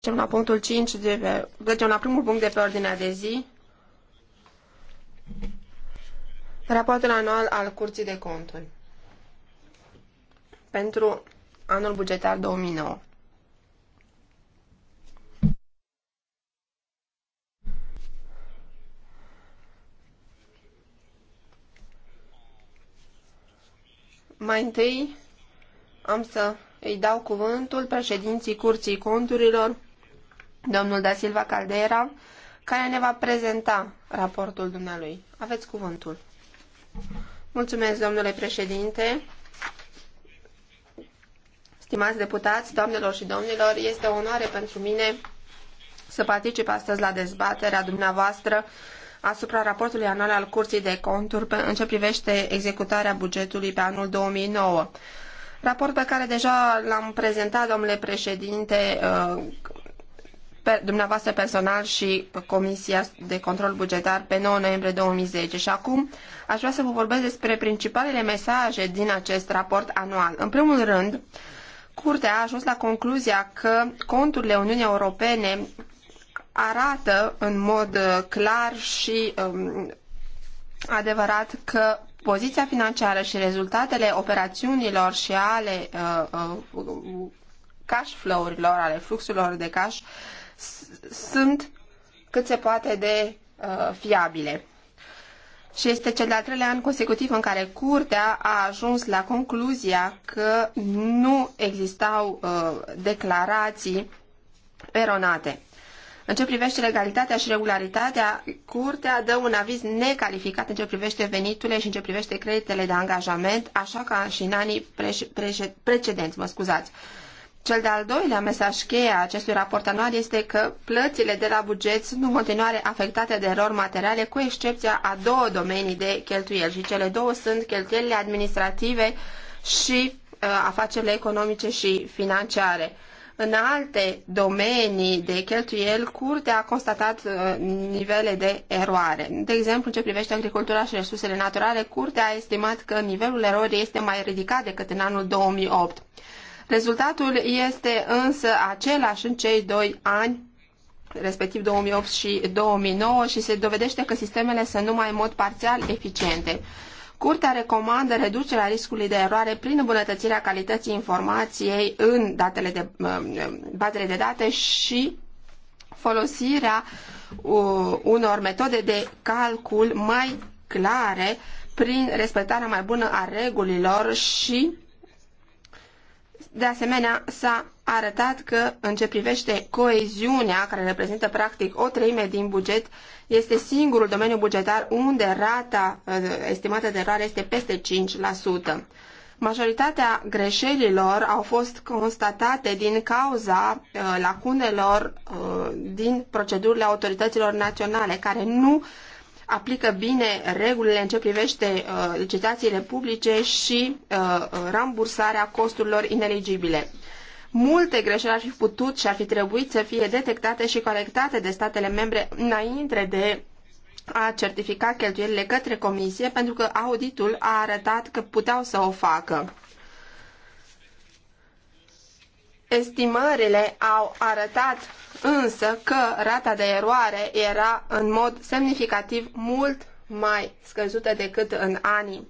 Trecem la punctul 5, de, trecem la primul punct de pe ordinea de zi. Rapoartul anual al Curții de Conturi pentru anul bugetar 2009. Mai întâi am să îi dau cuvântul președinții Curții Conturilor, domnul Da Silva Caldera, care ne va prezenta raportul dumnealui. Aveți cuvântul. Mulțumesc, domnule președinte. Stimați deputați, doamnelor și domnilor, este o onoare pentru mine să particip astăzi la dezbaterea dumneavoastră asupra raportului anual al Curții de Conturi în ce privește executarea bugetului pe anul 2009. Raport pe care deja l-am prezentat, domnule președinte, uh, dumneavoastră personal și Comisia de Control Bugetar pe 9 noiembrie 2010. Și acum aș vrea să vă vorbesc despre principalele mesaje din acest raport anual. În primul rând, Curtea a ajuns la concluzia că conturile Uniunii Europene arată în mod uh, clar și um, adevărat că poziția financiară și rezultatele operațiunilor și ale uh, uh, cash flow-urilor, ale fluxurilor de cash sunt cât se poate de uh, fiabile. Și este cel de-al treilea an consecutiv în care curtea a ajuns la concluzia că nu existau uh, declarații eronate. În ce privește legalitatea și regularitatea, curtea dă un aviz necalificat în ce privește veniturile și în ce privește creditele de angajament, așa ca și în anii precedenți, mă scuzați. Cel de-al doilea mesaj cheie a acestui raport anual este că plățile de la buget sunt în continuare afectate de erori materiale, cu excepția a două domenii de cheltuieli și cele două sunt cheltuielile administrative și uh, afacerile economice și financiare. În alte domenii de cheltuieli, Curtea a constatat uh, nivele de eroare. De exemplu, în ce privește agricultura și resursele naturale, Curtea a estimat că nivelul erorii este mai ridicat decât în anul 2008. Rezultatul este însă același în cei doi ani respectiv 2008 și 2009 și se dovedește că sistemele sunt numai în mod parțial eficiente. Curtea recomandă reducerea riscului de eroare prin îmbunătățirea calității informației în datele de, bazele de date și folosirea unor metode de calcul mai clare prin respectarea mai bună a regulilor și de asemenea, s-a arătat că în ce privește coeziunea, care reprezintă practic o treime din buget, este singurul domeniu bugetar unde rata uh, estimată de eroare este peste 5%. Majoritatea greșelilor au fost constatate din cauza uh, lacunelor uh, din procedurile autorităților naționale, care nu aplică bine regulile în ce privește uh, licitațiile publice și uh, uh, rambursarea costurilor ineligibile. Multe greșeli ar fi putut și ar fi trebuit să fie detectate și colectate de statele membre înainte de a certifica cheltuielile către comisie pentru că auditul a arătat că puteau să o facă. Estimările au arătat însă că rata de eroare era în mod semnificativ mult mai scăzută decât în anii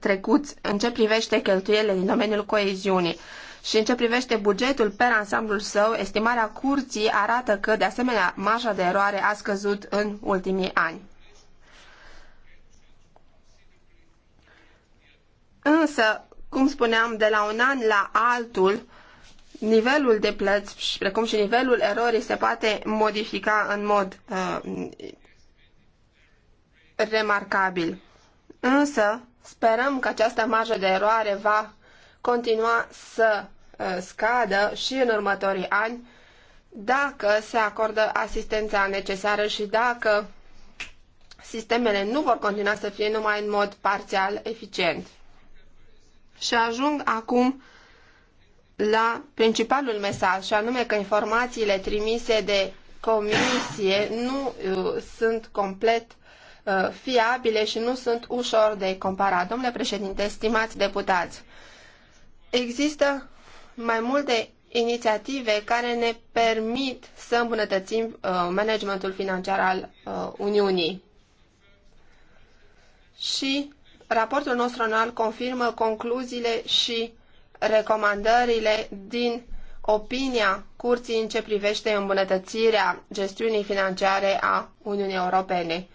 trecuți în ce privește cheltuielile din domeniul coeziunii. Și în ce privește bugetul per ansamblul său, estimarea curții arată că, de asemenea, marja de eroare a scăzut în ultimii ani. Însă, cum spuneam, de la un an la altul, nivelul de plăți, precum și nivelul erorii, se poate modifica în mod uh, remarcabil. Însă, sperăm că această marjă de eroare va continua să uh, scadă și în următorii ani dacă se acordă asistența necesară și dacă sistemele nu vor continua să fie numai în mod parțial eficient. Și ajung acum la principalul mesaj, și anume că informațiile trimise de comisie nu uh, sunt complet uh, fiabile și nu sunt ușor de comparat. Domnule președinte, stimați deputați, există mai multe inițiative care ne permit să îmbunătățim uh, managementul financiar al uh, Uniunii. Și raportul nostru anual confirmă concluziile și recomandările din opinia curții în ce privește îmbunătățirea gestiunii financiare a Uniunii Europene.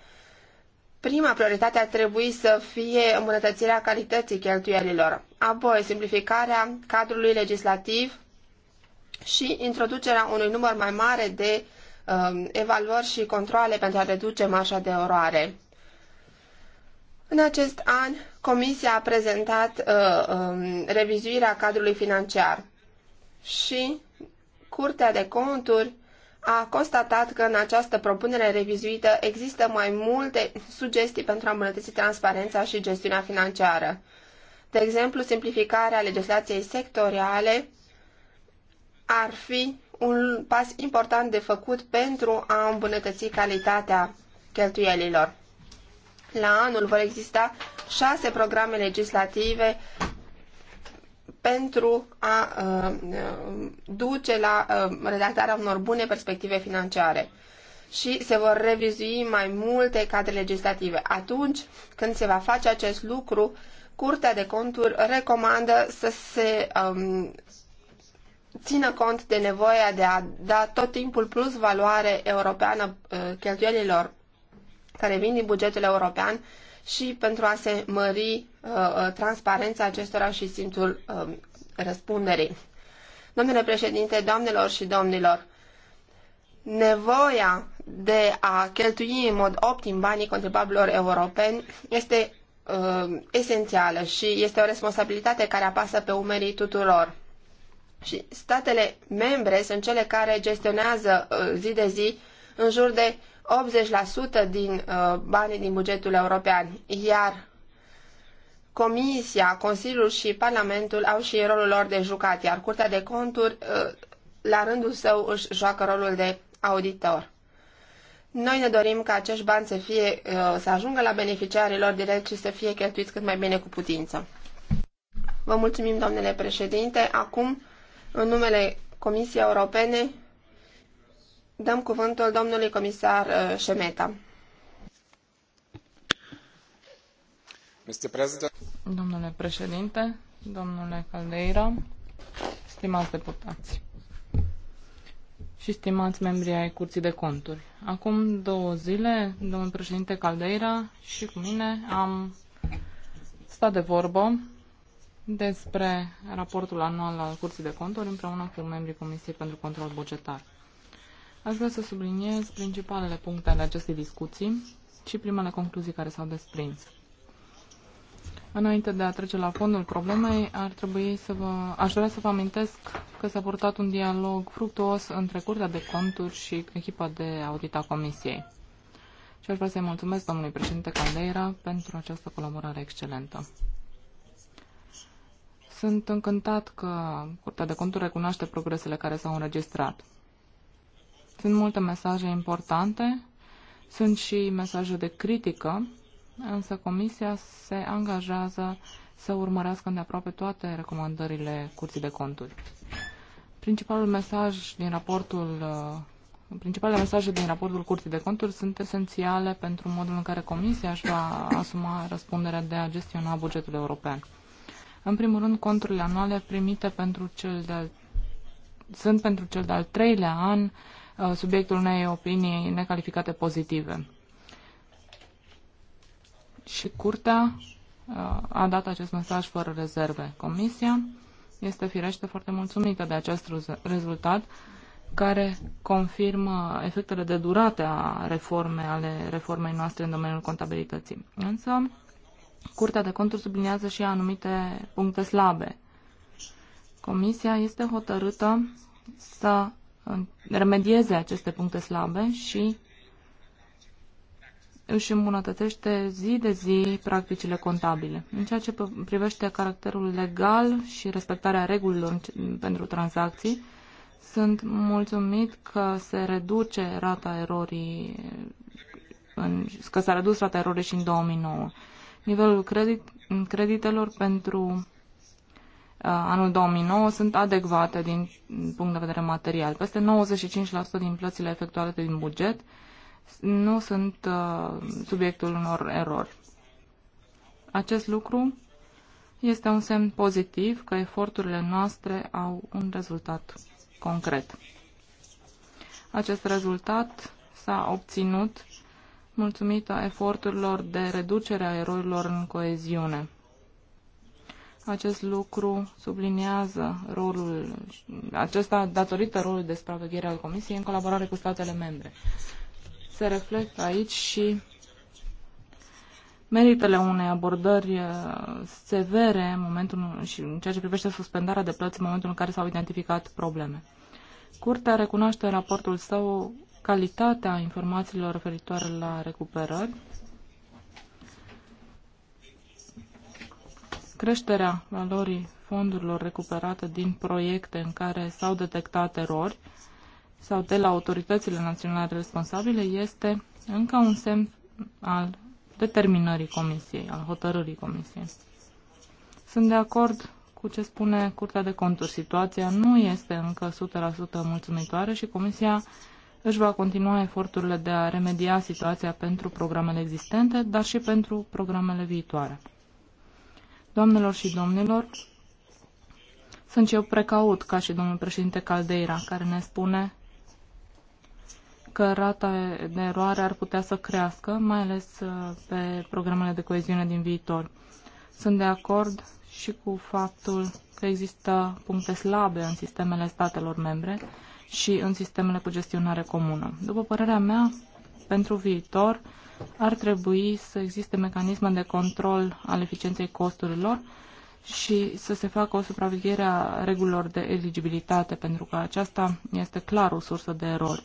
Prima prioritate ar trebui să fie îmbunătățirea calității cheltuielilor, apoi simplificarea cadrului legislativ și introducerea unui număr mai mare de uh, evaluări și controle pentru a reduce marșa de eroare. În acest an Comisia a prezentat uh, uh, revizuirea cadrului financiar și Curtea de Conturi a constatat că în această propunere revizuită există mai multe sugestii pentru a îmbunătăți transparența și gestiunea financiară. De exemplu, simplificarea legislației sectoriale ar fi un pas important de făcut pentru a îmbunătăți calitatea cheltuielilor. La anul vor exista șase programe legislative pentru a uh, duce la uh, redactarea unor bune perspective financiare și se vor revizui mai multe cadre legislative. Atunci când se va face acest lucru, Curtea de Conturi recomandă să se um, țină cont de nevoia de a da tot timpul plus valoare europeană uh, cheltuielilor care vin din bugetul european și pentru a se mări uh, uh transparența acestora și simțul uh, răspunderii. Domnule președinte, doamnelor și domnilor, nevoia de a cheltui în mod optim banii contribuabililor europeni este uh, esențială și este o responsabilitate care apasă pe umerii tuturor. Și statele membre sunt cele care gestionează uh, zi de zi în jur de 80% din uh, banii din bugetul european, iar Comisia, Consiliul și Parlamentul au și rolul lor de jucat, iar Curtea de Conturi, uh, la rândul său, își joacă rolul de auditor. Noi ne dorim ca acești bani să, fie, uh, să ajungă la beneficiarilor direct și să fie cheltuiți cât mai bine cu putință. Vă mulțumim, domnule președinte. Acum, în numele Comisiei Europene, Dăm cuvântul domnului comisar uh, Șemeta. Domnule președinte, domnule Caldeira, stimați deputați și stimați membri ai Curții de Conturi. Acum două zile, domnul președinte Caldeira și cu mine am stat de vorbă despre raportul anual al Curții de Conturi împreună cu membrii Comisiei pentru Control Bugetar. Aș vrea să subliniez principalele puncte ale acestei discuții și primele concluzii care s-au desprins. Înainte de a trece la fondul problemei, ar trebui să vă, aș vrea să vă amintesc că s-a purtat un dialog fructuos între Curtea de Conturi și echipa de audit a Comisiei. Și aș vrea să-i mulțumesc domnului președinte Caldeira pentru această colaborare excelentă. Sunt încântat că Curtea de Conturi recunoaște progresele care s-au înregistrat. Sunt multe mesaje importante, sunt și mesaje de critică, însă Comisia se angajează să urmărească îndeaproape toate recomandările Curții de Conturi. Principalul mesaj din raportul uh, Principalele mesaje din raportul Curții de Conturi sunt esențiale pentru modul în care Comisia își va asuma răspunderea de a gestiona bugetul european. În primul rând, conturile anuale primite pentru cel de-al, sunt pentru cel de-al treilea an Uh, subiectul unei opinii necalificate pozitive. Și curtea uh, a dat acest mesaj fără rezerve. Comisia este firește foarte mulțumită de acest rezultat care confirmă efectele de durate a reforme, ale reformei noastre în domeniul contabilității. Însă, Curtea de Conturi subliniază și anumite puncte slabe. Comisia este hotărâtă să Uh, remedieze aceste puncte slabe și își îmbunătățește zi de zi practicile contabile. În ceea ce privește caracterul legal și respectarea regulilor pentru tranzacții, sunt mulțumit că se reduce rata erorii în, că s-a redus rata erorii și în 2009. Nivelul credit, creditelor pentru Uh, anul 2009 sunt adecvate din punct de vedere material. Peste 95% din plățile efectuate din buget nu sunt uh, subiectul unor erori. Acest lucru este un semn pozitiv că eforturile noastre au un rezultat concret. Acest rezultat s-a obținut mulțumită eforturilor de reducere a erorilor în coeziune. Acest lucru subliniază rolul acesta datorită rolului de supraveghere al Comisiei în colaborare cu statele membre. Se reflectă aici și meritele unei abordări uh, severe în momentul, și în ceea ce privește suspendarea de plăți în momentul în care s-au identificat probleme. Curtea recunoaște în raportul său calitatea informațiilor referitoare la recuperări Creșterea valorii fondurilor recuperate din proiecte în care s-au detectat erori sau de la autoritățile naționale responsabile este încă un semn al determinării comisiei, al hotărârii comisiei. Sunt de acord cu ce spune Curtea de Conturi. Situația nu este încă 100% mulțumitoare și Comisia își va continua eforturile de a remedia situația pentru programele existente, dar și pentru programele viitoare. Doamnelor și domnilor, sunt eu precaut ca și domnul președinte Caldeira, care ne spune că rata de eroare ar putea să crească, mai ales uh, pe programele de coeziune din viitor. Sunt de acord și cu faptul că există puncte slabe în sistemele statelor membre și în sistemele cu gestionare comună. După părerea mea, pentru viitor, ar trebui să existe mecanisme de control al eficienței costurilor și să se facă o supraveghere a regulilor de eligibilitate, pentru că aceasta este clar o sursă de erori.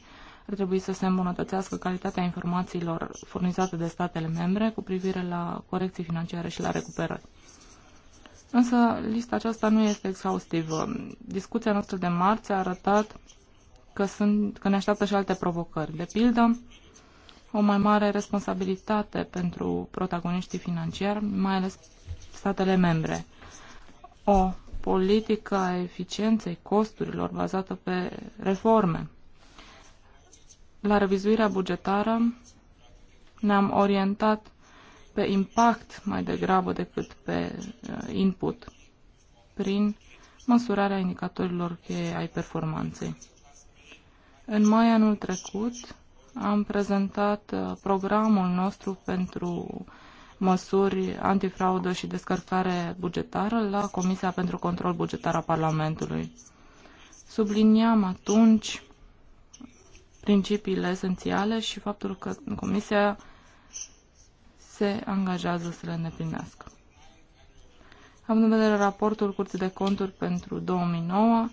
Ar trebui să se îmbunătățească calitatea informațiilor furnizate de statele membre cu privire la corecții financiare și la recuperări. Însă lista aceasta nu este exhaustivă. Discuția noastră de marți a arătat că, sunt, că ne așteaptă și alte provocări. De pildă, o mai mare responsabilitate pentru protagoniștii financiari, mai ales statele membre. O politică a eficienței costurilor bazată pe reforme. La revizuirea bugetară ne-am orientat pe impact mai degrabă decât pe uh, input, prin măsurarea indicatorilor cheie ai performanței. În mai anul trecut, am prezentat uh, programul nostru pentru măsuri antifraudă și descărcare bugetară la Comisia pentru Control Bugetar a Parlamentului. Subliniam atunci principiile esențiale și faptul că Comisia se angajează să le îndeplinească. Am în vedere raportul Curții de Conturi pentru 2009,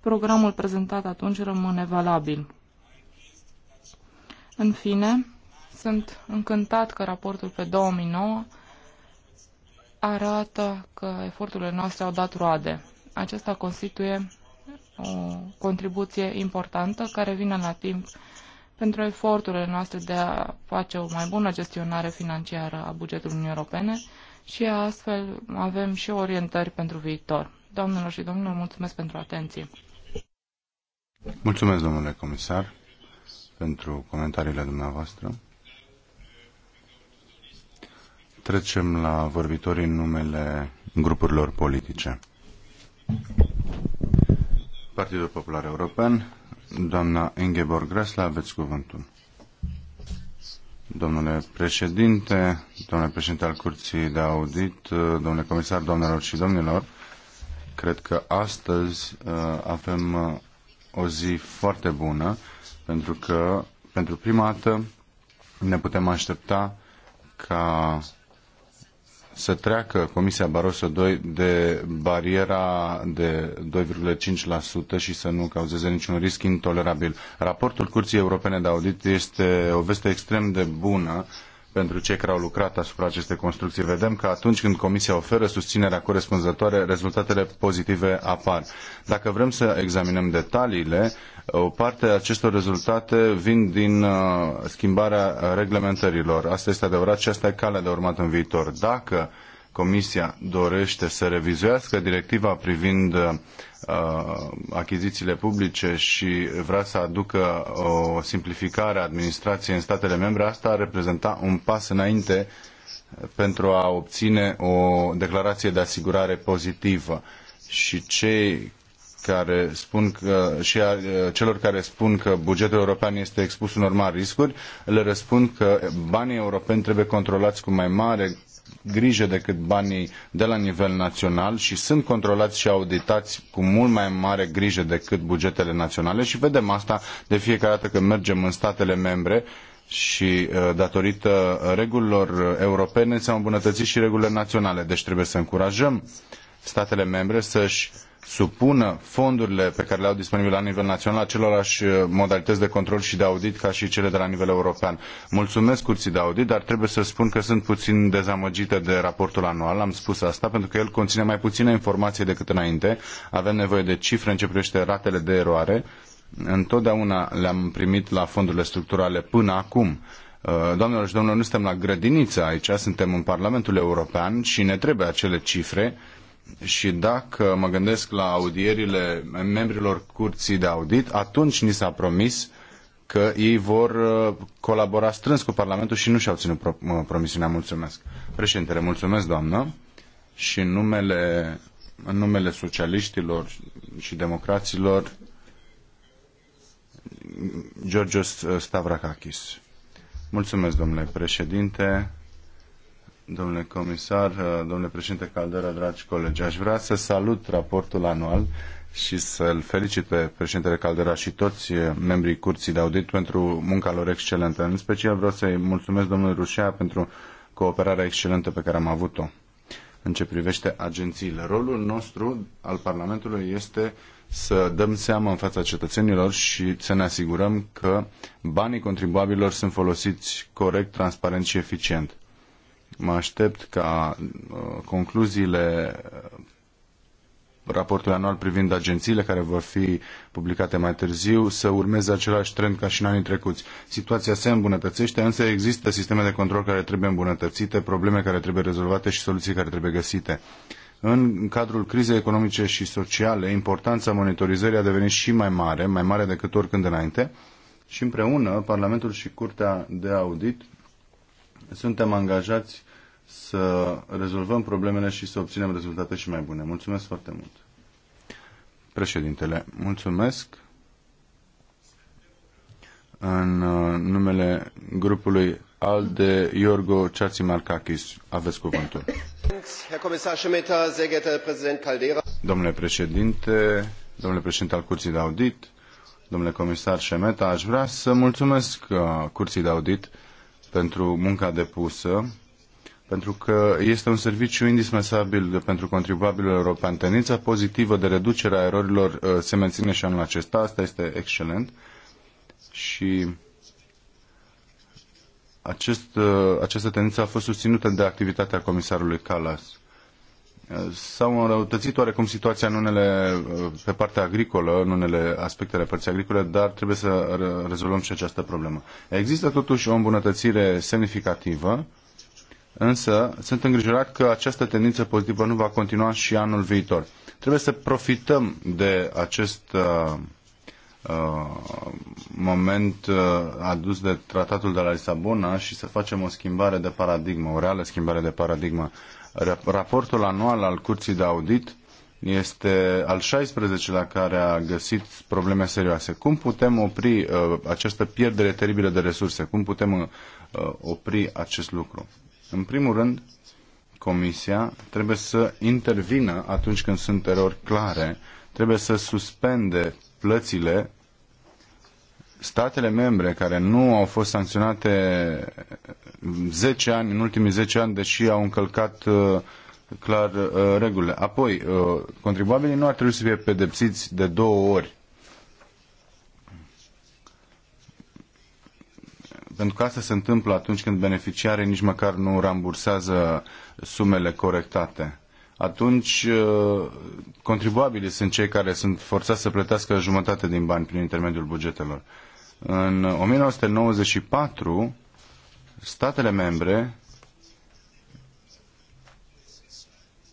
programul prezentat atunci rămâne valabil. În fine, sunt încântat că raportul pe 2009 arată că eforturile noastre au dat roade. Acesta constituie o contribuție importantă care vine la timp pentru eforturile noastre de a face o mai bună gestionare financiară a bugetului Uniunii Europene și astfel avem și orientări pentru viitor. Doamnelor și domnilor, mulțumesc pentru atenție. Mulțumesc, domnule comisar pentru comentariile dumneavoastră. Trecem la vorbitorii în numele grupurilor politice. Partidul Popular European, doamna Ingeborg Gresla, aveți cuvântul. Domnule președinte, domnule președinte al Curții de Audit, domnule comisar, doamnelor și domnilor, cred că astăzi uh, avem uh, o zi foarte bună pentru că pentru prima dată ne putem aștepta ca să treacă Comisia Barroso 2 de bariera de 2,5% și să nu cauzeze niciun risc intolerabil. Raportul Curții Europene de Audit este o veste extrem de bună pentru cei care au lucrat asupra acestei construcții. Vedem că atunci când Comisia oferă susținerea corespunzătoare, rezultatele pozitive apar. Dacă vrem să examinăm detaliile, o parte a acestor rezultate vin din uh, schimbarea reglementărilor. Asta este adevărat și asta e calea de urmat în viitor. Dacă Comisia dorește să revizuiască directiva privind uh, achizițiile publice și vrea să aducă uh, o simplificare a administrației în statele membre, asta ar reprezenta un pas înainte pentru a obține o declarație de asigurare pozitivă. Și cei care spun că, și a, celor care spun că bugetul european este expus unor mari riscuri, le răspund că banii europeni trebuie controlați cu mai mare grijă decât banii de la nivel național și sunt controlați și auditați cu mult mai mare grijă decât bugetele naționale și vedem asta de fiecare dată când mergem în statele membre și uh, datorită regulilor europene s-au îmbunătățit și regulile naționale. Deci trebuie să încurajăm statele membre să-și supună fondurile pe care le au disponibile la nivel național acelorași uh, modalități de control și de audit ca și cele de la nivel european. Mulțumesc curții de audit, dar trebuie să spun că sunt puțin dezamăgită de raportul anual, am spus asta, pentru că el conține mai puține informații decât înainte. Avem nevoie de cifre în ce privește ratele de eroare. Întotdeauna le-am primit la fondurile structurale până acum. Uh, doamnelor și domnilor, nu suntem la grădiniță aici, suntem în Parlamentul European și ne trebuie acele cifre și dacă mă gândesc la audierile membrilor curții de audit, atunci ni s-a promis că ei vor uh, colabora strâns cu Parlamentul și nu și-au ținut uh, promisiunea. Mulțumesc. Președintele, mulțumesc, doamnă. Și în numele, în numele socialiștilor și democraților, Georgios Stavrakakis. Mulțumesc, domnule președinte domnule comisar, uh, domnule președinte Caldera, dragi colegi. Aș vrea să salut raportul anual și să-l felicit pe președintele Caldera și toți uh, membrii Curții de Audit pentru munca lor excelentă. În special vreau să-i mulțumesc domnului Rușea pentru cooperarea excelentă pe care am avut-o în ce privește agențiile. Rolul nostru al Parlamentului este să dăm seama în fața cetățenilor și să ne asigurăm că banii contribuabililor sunt folosiți corect, transparent și eficient. Mă aștept ca uh, concluziile uh, raportului anual privind agențiile care vor fi publicate mai târziu să urmeze același trend ca și în anii trecuți. Situația se îmbunătățește, însă există sisteme de control care trebuie îmbunătățite, probleme care trebuie rezolvate și soluții care trebuie găsite. În cadrul crizei economice și sociale, importanța monitorizării a devenit și mai mare, mai mare decât oricând înainte, și împreună Parlamentul și Curtea de Audit suntem angajați să rezolvăm problemele și să obținem rezultate și mai bune. Mulțumesc foarte mult. Președintele, mulțumesc. În uh, numele grupului ALDE, Iorgo Marcakis, aveți cuvântul. Domnule președinte, domnule președinte al Curții de Audit, domnule comisar Șemeta, aș vrea să mulțumesc uh, Curții de Audit pentru munca depusă, pentru că este un serviciu indispensabil pentru contribuabilul european. Tendința pozitivă de reducere a erorilor uh, se menține și anul acesta, asta este excelent. Și acest, uh, această tendință a fost susținută de activitatea comisarului Calas s-au înrăutățit oarecum situația în unele, pe partea agricolă, în unele aspecte ale părții agricole, dar trebuie să rezolvăm și această problemă. Există totuși o îmbunătățire semnificativă, însă sunt îngrijorat că această tendință pozitivă nu va continua și anul viitor. Trebuie să profităm de acest uh, uh, moment uh, adus de tratatul de la Lisabona și să facem o schimbare de paradigmă, o reală schimbare de paradigmă Raportul anual al Curții de Audit este al 16-lea care a găsit probleme serioase. Cum putem opri uh, această pierdere teribilă de resurse? Cum putem uh, opri acest lucru? În primul rând, Comisia trebuie să intervină atunci când sunt erori clare, trebuie să suspende plățile statele membre care nu au fost sancționate 10 ani, în ultimii 10 ani, deși au încălcat uh, clar uh, regulile. Apoi, uh, contribuabilii nu ar trebui să fie pedepsiți de două ori. Pentru că asta se întâmplă atunci când beneficiarii nici măcar nu rambursează sumele corectate atunci contribuabilii sunt cei care sunt forțați să plătească jumătate din bani prin intermediul bugetelor. În 1994, statele membre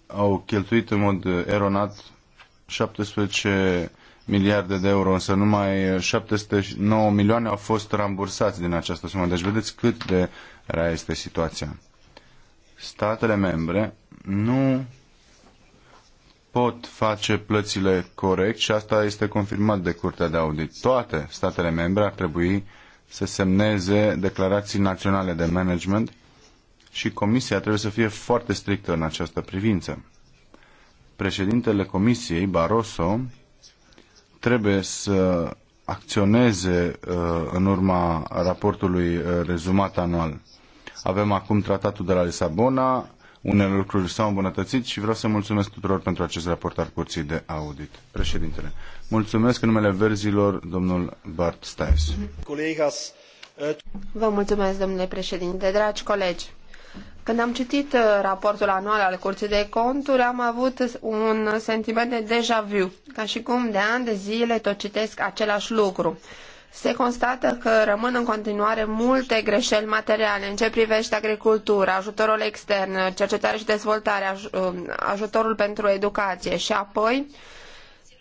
au cheltuit în mod eronat 17 miliarde de euro, însă numai 709 milioane au fost rambursați din această sumă. Deci vedeți cât de rea este situația. Statele membre nu pot face plățile corect și asta este confirmat de Curtea de Audit. Toate statele membre ar trebui să semneze declarații naționale de management și Comisia trebuie să fie foarte strictă în această privință. Președintele Comisiei, Barroso, trebuie să acționeze uh, în urma raportului uh, rezumat anual. Avem acum tratatul de la Lisabona, unele lucruri s-au îmbunătățit și vreau să mulțumesc tuturor pentru acest raport al Curții de Audit. Președintele, mulțumesc în numele verzilor domnul Bart Stais. Eh, Vă mulțumesc, domnule președinte, dragi colegi. Când am citit eh, raportul anual al Curții de Conturi, am avut un sentiment de deja vu, ca și cum de ani de zile tot citesc același lucru se constată că rămân în continuare multe greșeli materiale în ce privește agricultura, ajutorul extern, cercetare și dezvoltare, um, ajutorul pentru educație și apoi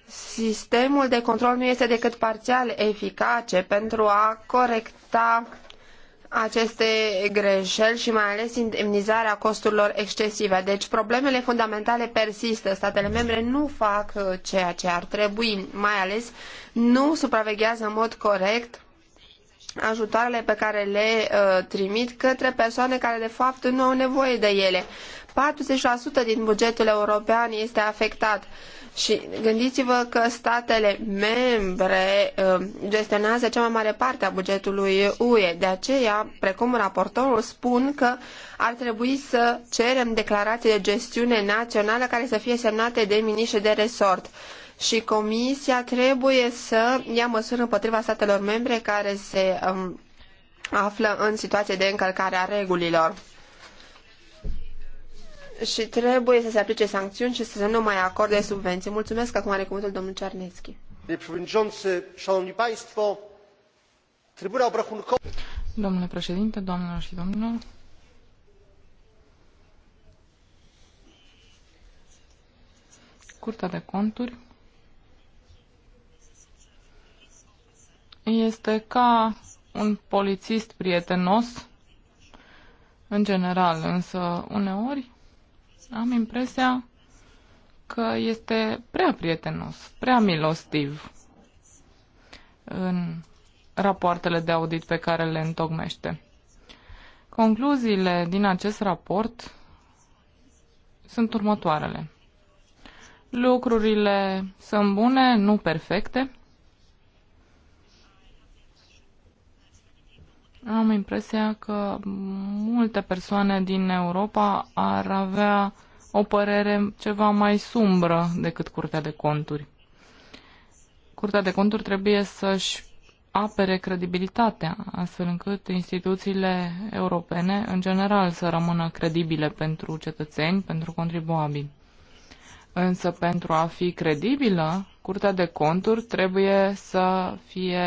sistemul de control nu este decât parțial eficace pentru a corecta aceste greșeli și mai ales indemnizarea costurilor excesive. Deci problemele fundamentale persistă. Statele membre nu fac uh, ceea ce ar trebui, mai ales nu supraveghează în mod corect ajutoarele pe care le uh, trimit către persoane care de fapt nu au nevoie de ele. 40% din bugetul european este afectat. Uh, și gândiți-vă că statele membre um, gestionează cea mai mare parte a bugetului UE. De aceea, precum raportorul, spun că ar trebui să cerem declarații de gestiune națională care să fie semnate de miniștri de resort. Și Comisia trebuie să ia măsuri împotriva statelor membre care se um, află în situație de încălcare a regulilor și trebuie să se aplice sancțiuni și să se nu mai acorde subvenții. Mulțumesc, acum are cuvântul domnul Cernețchi. Domnule președinte, doamnelor și domnilor, Curtea de Conturi este ca un polițist prietenos, în general, însă uneori am impresia că este prea prietenos, prea milostiv în rapoartele de audit pe care le întocmește. Concluziile din acest raport sunt următoarele. Lucrurile sunt bune, nu perfecte. Am impresia că multe persoane din Europa ar avea o părere ceva mai sumbră decât Curtea de Conturi. Curtea de Conturi trebuie să-și apere credibilitatea, astfel încât instituțiile europene, în general, să rămână credibile pentru cetățeni, pentru contribuabili. Însă, pentru a fi credibilă, Curtea de Conturi trebuie să fie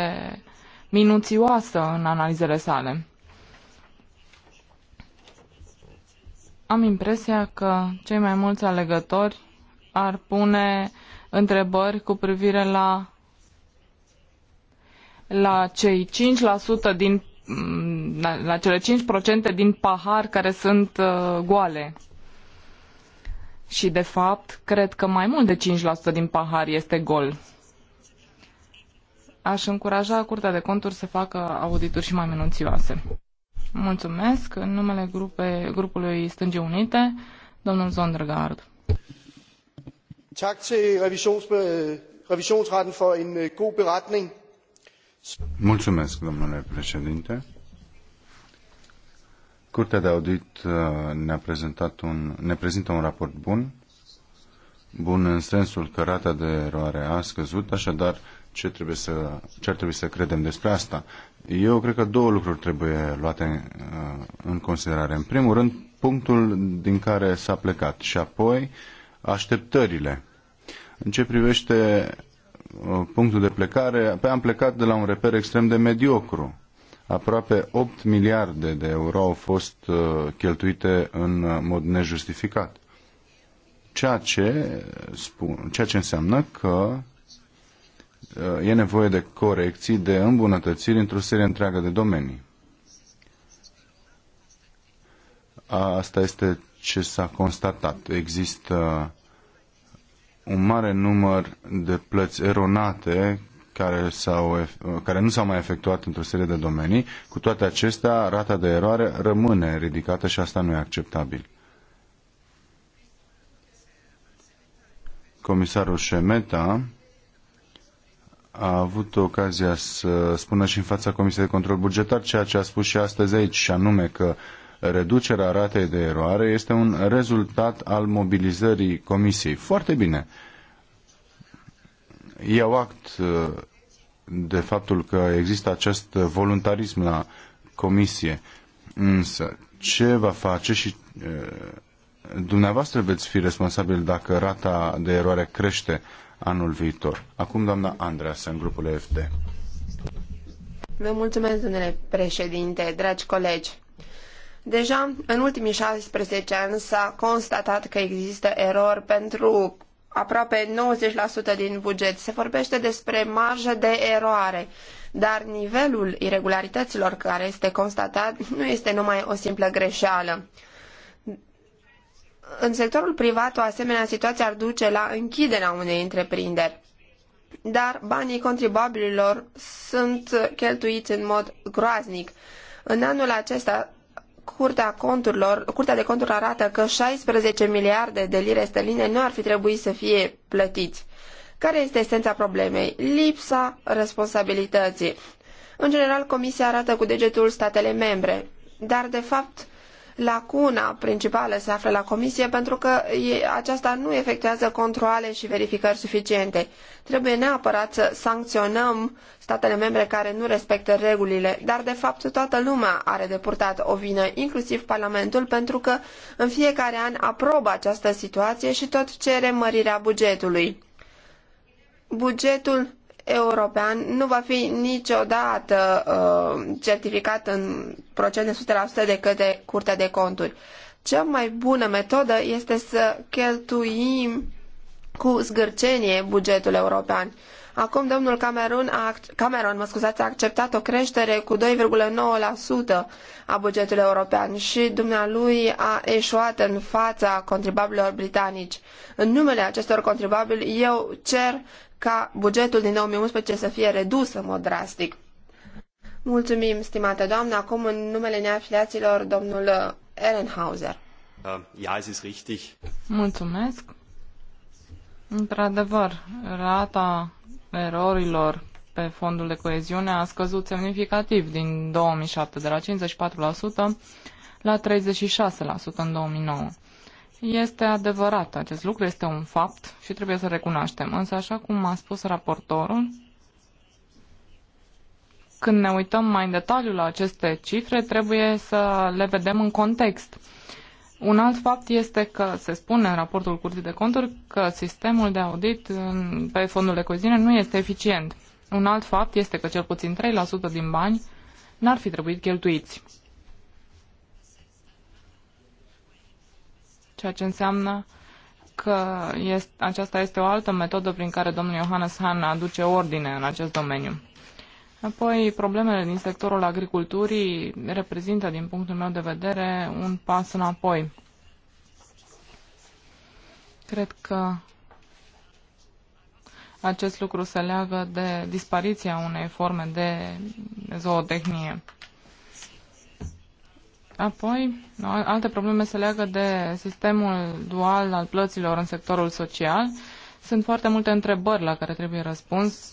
minuțioasă în analizele sale. Am impresia că cei mai mulți alegători ar pune întrebări cu privire la la cei 5% din la, la cele 5% din pahar care sunt uh, goale. Și de fapt, cred că mai mult de 5% din pahar este gol aș încuraja Curtea de Conturi să facă audituri și mai minuțioase. Mulțumesc. În numele grupe, grupului Stânge Unite, domnul Zondergaard. Øh, Mulțumesc, domnule președinte. Curtea de audit uh, ne-a prezentat un, ne prezintă un raport bun, bun în sensul că rata de eroare a scăzut, așadar ce, trebuie să, ce ar trebui să credem despre asta. Eu cred că două lucruri trebuie luate uh, în considerare. În primul rând, punctul din care s-a plecat și apoi așteptările. În ce privește uh, punctul de plecare, pe am plecat de la un reper extrem de mediocru. Aproape 8 miliarde de euro au fost uh, cheltuite în mod nejustificat. Ceea ce, spun, ceea ce înseamnă că e nevoie de corecții, de îmbunătățiri într-o serie întreagă de domenii. Asta este ce s-a constatat. Există un mare număr de plăți eronate care, s-au, care nu s-au mai efectuat într-o serie de domenii. Cu toate acestea, rata de eroare rămâne ridicată și asta nu e acceptabil. Comisarul Șemeta a avut ocazia să spună și în fața Comisiei de Control Bugetar ceea ce a spus și astăzi aici, și anume că reducerea ratei de eroare este un rezultat al mobilizării Comisiei. Foarte bine. Iau act uh, de faptul că există acest voluntarism la Comisie. Însă, ce va face și uh, dumneavoastră veți fi responsabil dacă rata de eroare crește anul viitor. Acum doamna Andreas în grupul EFD. Vă mulțumesc, domnule președinte, dragi colegi. Deja în ultimii 16 ani s-a constatat că există erori pentru aproape 90% din buget. Se vorbește despre marjă de eroare, dar nivelul irregularităților care este constatat nu este numai o simplă greșeală în sectorul privat o asemenea situație ar duce la închiderea unei întreprinderi. Dar banii contribuabililor sunt cheltuiți în mod groaznic. În anul acesta, Curtea, conturilor, Curtea de Conturi arată că 16 miliarde de lire sterline nu ar fi trebuit să fie plătiți. Care este esența problemei? Lipsa responsabilității. În general, Comisia arată cu degetul statele membre, dar, de fapt, Lacuna principală se află la comisie pentru că aceasta nu efectuează controle și verificări suficiente. Trebuie neapărat să sancționăm statele membre care nu respectă regulile, dar de fapt toată lumea are de purtat o vină, inclusiv Parlamentul, pentru că în fiecare an aprobă această situație și tot cere mărirea bugetului. Bugetul european nu va fi niciodată uh, certificat în procent de 100% de către Curtea de Conturi. Cea mai bună metodă este să cheltuim cu zgârcenie bugetul european Acum domnul Cameron a, Cameron, mă scuzați, a acceptat o creștere cu 2,9% a bugetului european și dumnealui a eșuat în fața contribuabililor britanici. În numele acestor contribuabili, eu cer ca bugetul din 2011 să fie redus în mod drastic. Mulțumim, stimată doamnă. Acum, în numele neafiliaților, domnul Ehrenhauser. Uh, ja, es ist richtig. Mulțumesc. Într-adevăr, rata erorilor pe fondul de coeziune a scăzut semnificativ din 2007, de la 54% la 36% în 2009. Este adevărat, acest lucru este un fapt și trebuie să recunoaștem. Însă, așa cum a spus raportorul, când ne uităm mai în detaliu la aceste cifre, trebuie să le vedem în context. Uh, un alt fapt este că se spune în raportul Curții de Conturi că sistemul de audit pe fondul de coziune nu este eficient. Un alt fapt este că cel puțin 3% din bani n-ar fi trebuit cheltuiți. Ceea ce înseamnă că este, aceasta este o altă metodă prin care domnul Johannes Hahn aduce ordine în acest domeniu. Apoi, problemele din sectorul agriculturii reprezintă, din punctul meu de vedere, un pas înapoi. Cred că acest lucru se leagă de dispariția unei forme de zootehnie. Apoi, alte probleme se leagă de sistemul dual al plăților în sectorul social. Sunt foarte multe întrebări la care trebuie răspuns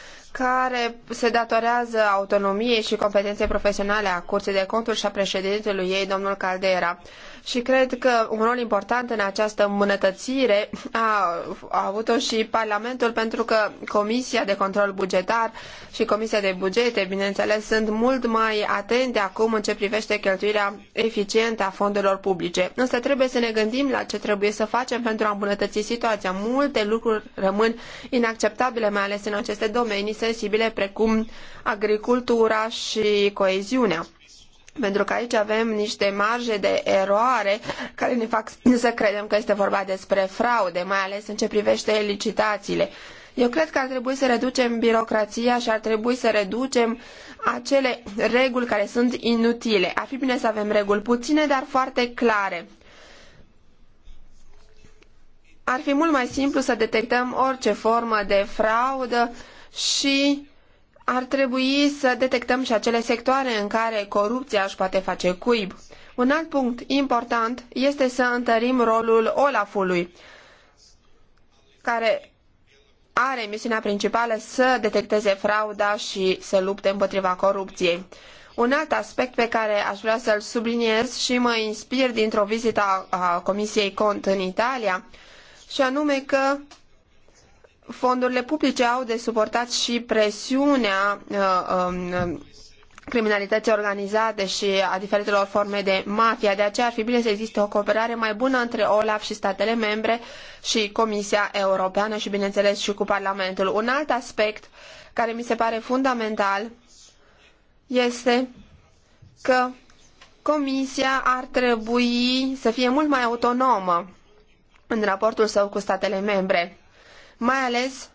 care se datorează autonomiei și competenței profesionale a Curții de Conturi și a președintelui ei, domnul Caldera. Și cred că un rol important în această îmbunătățire a, a avut-o și Parlamentul, pentru că Comisia de Control Bugetar și Comisia de Bugete, bineînțeles, sunt mult mai atente acum în ce privește cheltuirea eficientă a fondurilor publice. Însă trebuie să ne gândim la ce trebuie să facem pentru a îmbunătăți situația. Multe lucruri rămân inacceptabile, mai ales în aceste domenii sensibile precum agricultura și coeziunea. Pentru că aici avem niște marje de eroare care ne fac să credem că este vorba despre fraude, mai ales în ce privește licitațiile. Eu cred că ar trebui să reducem birocrația și ar trebui să reducem acele reguli care sunt inutile. Ar fi bine să avem reguli puține, dar foarte clare. Ar fi mult mai simplu să detectăm orice formă de fraudă și ar trebui să detectăm și acele sectoare în care corupția își poate face cuib. Un alt punct important este să întărim rolul Olafului, care are misiunea principală să detecteze frauda și să lupte împotriva corupției. Un alt aspect pe care aș vrea să-l subliniez și mă inspir dintr-o vizită a Comisiei Cont în Italia, și anume că fondurile publice au de suportat și presiunea uh, um, criminalității organizate și a diferitelor forme de mafia. De aceea ar fi bine să existe o cooperare mai bună între OLAF și statele membre și Comisia Europeană și, bineînțeles, și cu Parlamentul. Un alt aspect care mi se pare fundamental este că Comisia ar trebui să fie mult mai autonomă în raportul său cu statele membre mai ales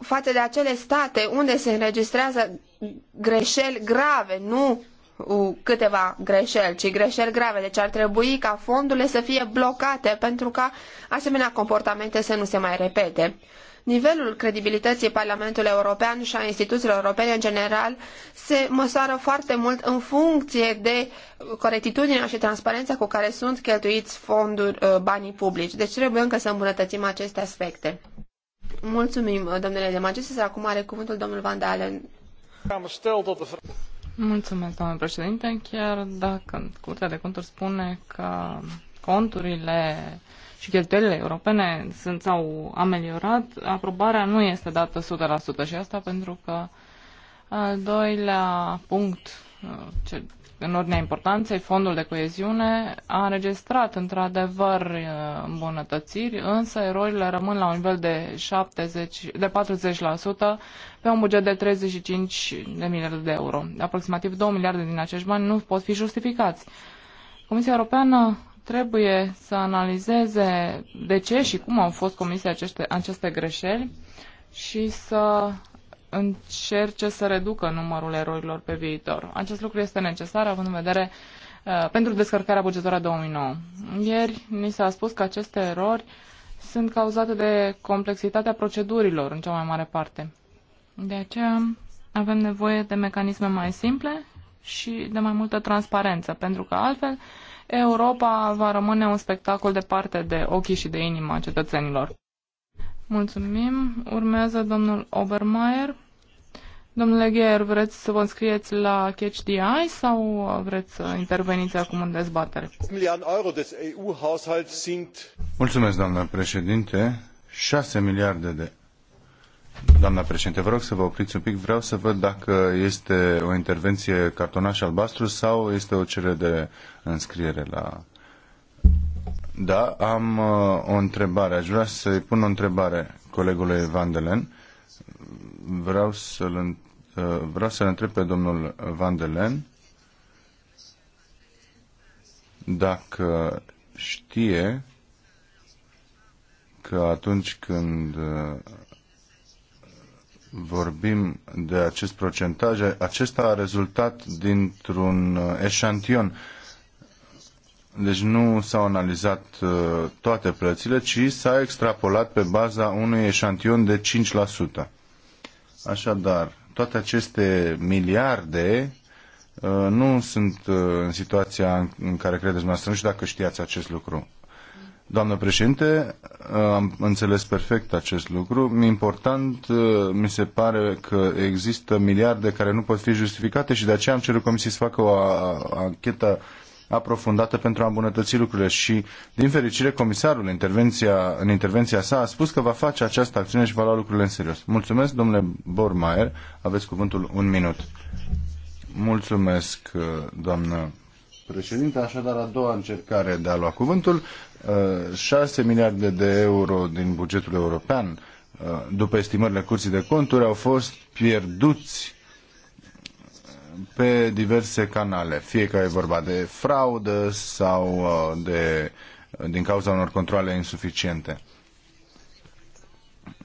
față de acele state unde se înregistrează greșeli grave, nu câteva greșeli, ci greșeli grave. Deci ar trebui ca fondurile să fie blocate pentru ca asemenea comportamente să nu se mai repete. Nivelul credibilității Parlamentului European și a instituțiilor europene în general se măsoară foarte mult în funcție de corectitudinea și transparența cu care sunt cheltuiți fonduri, uh, banii publici. Deci trebuie încă să îmbunătățim aceste aspecte. Mulțumim, uh, domnule de magistris. Acum are cuvântul domnul Van Dalen. Mulțumesc, doamnă președinte. Chiar dacă Curtea de Conturi spune că conturile și cheltuielile europene sunt au ameliorat, aprobarea nu este dată 100% și asta pentru că al doilea punct uh, ce, în ordinea importanței, fondul de coeziune a înregistrat într-adevăr uh, îmbunătățiri, însă erorile rămân la un nivel de, 70, de 40% pe un buget de 35 de miliarde de euro. Aproximativ 2 miliarde din acești bani nu pot fi justificați. Comisia Europeană trebuie să analizeze de ce și cum au fost comise aceste, aceste greșeli și să încerce să reducă numărul erorilor pe viitor. Acest lucru este necesar având în vedere uh, pentru descărcarea bugetară 2009. Ieri ni s-a spus că aceste erori sunt cauzate de complexitatea procedurilor în cea mai mare parte. De aceea avem nevoie de mecanisme mai simple și de mai multă transparență, pentru că altfel uh, Europa va rămâne un spectacol departe de ochii și de inima cetățenilor. Mulțumim. Urmează domnul Obermeier. Domnule Gheer, vreți să vă înscrieți la Catch the Eye sau vreți să interveniți acum în dezbatere? Mulțumesc, doamnă președinte. 6 miliarde de Doamna președinte, vă rog să vă opriți un pic. Vreau să văd dacă este o intervenție cartonaș albastru sau este o cerere de înscriere la... Da, am uh, o întrebare. Aș vrea să-i pun o întrebare colegului Vandelen. Vreau să-l uh, vreau să-l întreb pe domnul Vandelen dacă știe că atunci când uh, vorbim de acest procentaj, acesta a rezultat dintr-un uh, eșantion. Deci nu s-au analizat uh, toate plățile, ci s-a extrapolat pe baza unui eșantion de 5%. Așadar, toate aceste miliarde uh, nu sunt în situația în care credeți noastră. Nu știu dacă știați acest lucru. Doamnă președinte, am înțeles perfect acest lucru. Important uh, mi se pare că există miliarde care nu pot fi justificate și de aceea am cerut comisiei să facă o anchetă aprofundată pentru a îmbunătăți lucrurile și, din fericire, comisarul intervenția, în intervenția sa a spus că va face această acțiune și va lua lucrurile în serios. Mulțumesc, domnule Bormaier. Aveți cuvântul un minut. Mulțumesc, uh, doamnă președinte. Așadar, a doua încercare de a lua cuvântul, 6 uh, miliarde de euro din bugetul european, uh, după estimările curții de conturi, au fost pierduți pe diverse canale, fie că e vorba de fraudă sau uh, de, din cauza unor controle insuficiente.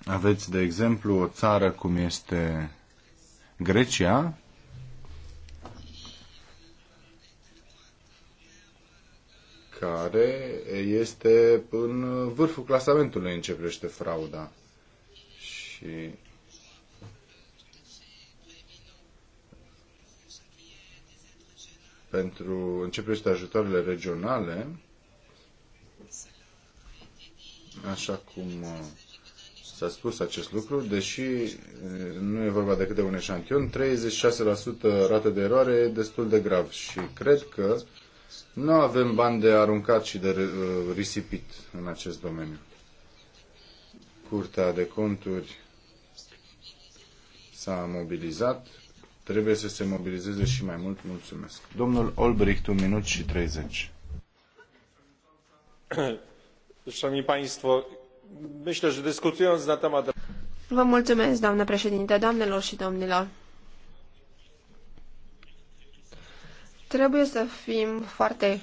Aveți, de exemplu, o țară cum este Grecia, care este în vârful clasamentului în ce privește frauda. Și pentru în ce privește ajutoarele regionale, așa cum uh, s-a spus acest lucru, deși uh, nu e vorba decât de un eșantion, 36% rată de eroare e destul de grav și cred că nu avem bani de aruncat și de uh, risipit în acest domeniu. Curtea de conturi s-a mobilizat. Trebuie să se mobilizeze și mai mult. Mulțumesc. Domnul Olbricht, un minut și 30. Szanowni Państwo, myślę, że dyskutując na temat... Vă mulțumesc, doamnă președinte, doamnelor și domnilor. Trebuie să fim foarte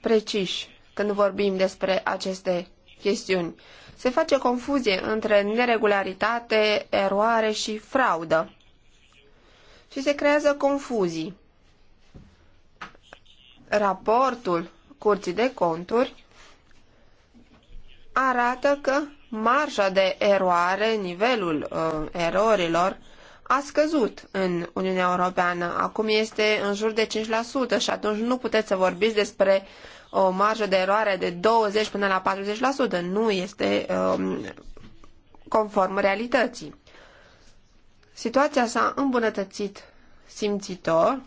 preciși când vorbim despre aceste chestiuni. Se face confuzie între neregularitate, eroare și fraudă. Și se creează confuzii. Raportul Curții de Conturi arată că marja de eroare, nivelul uh, erorilor, a scăzut în Uniunea Europeană. Acum este în jur de 5% și atunci nu puteți să vorbiți despre o marjă de eroare de 20 până la 40%. Nu este um, conform realității. Situația s-a îmbunătățit simțitor,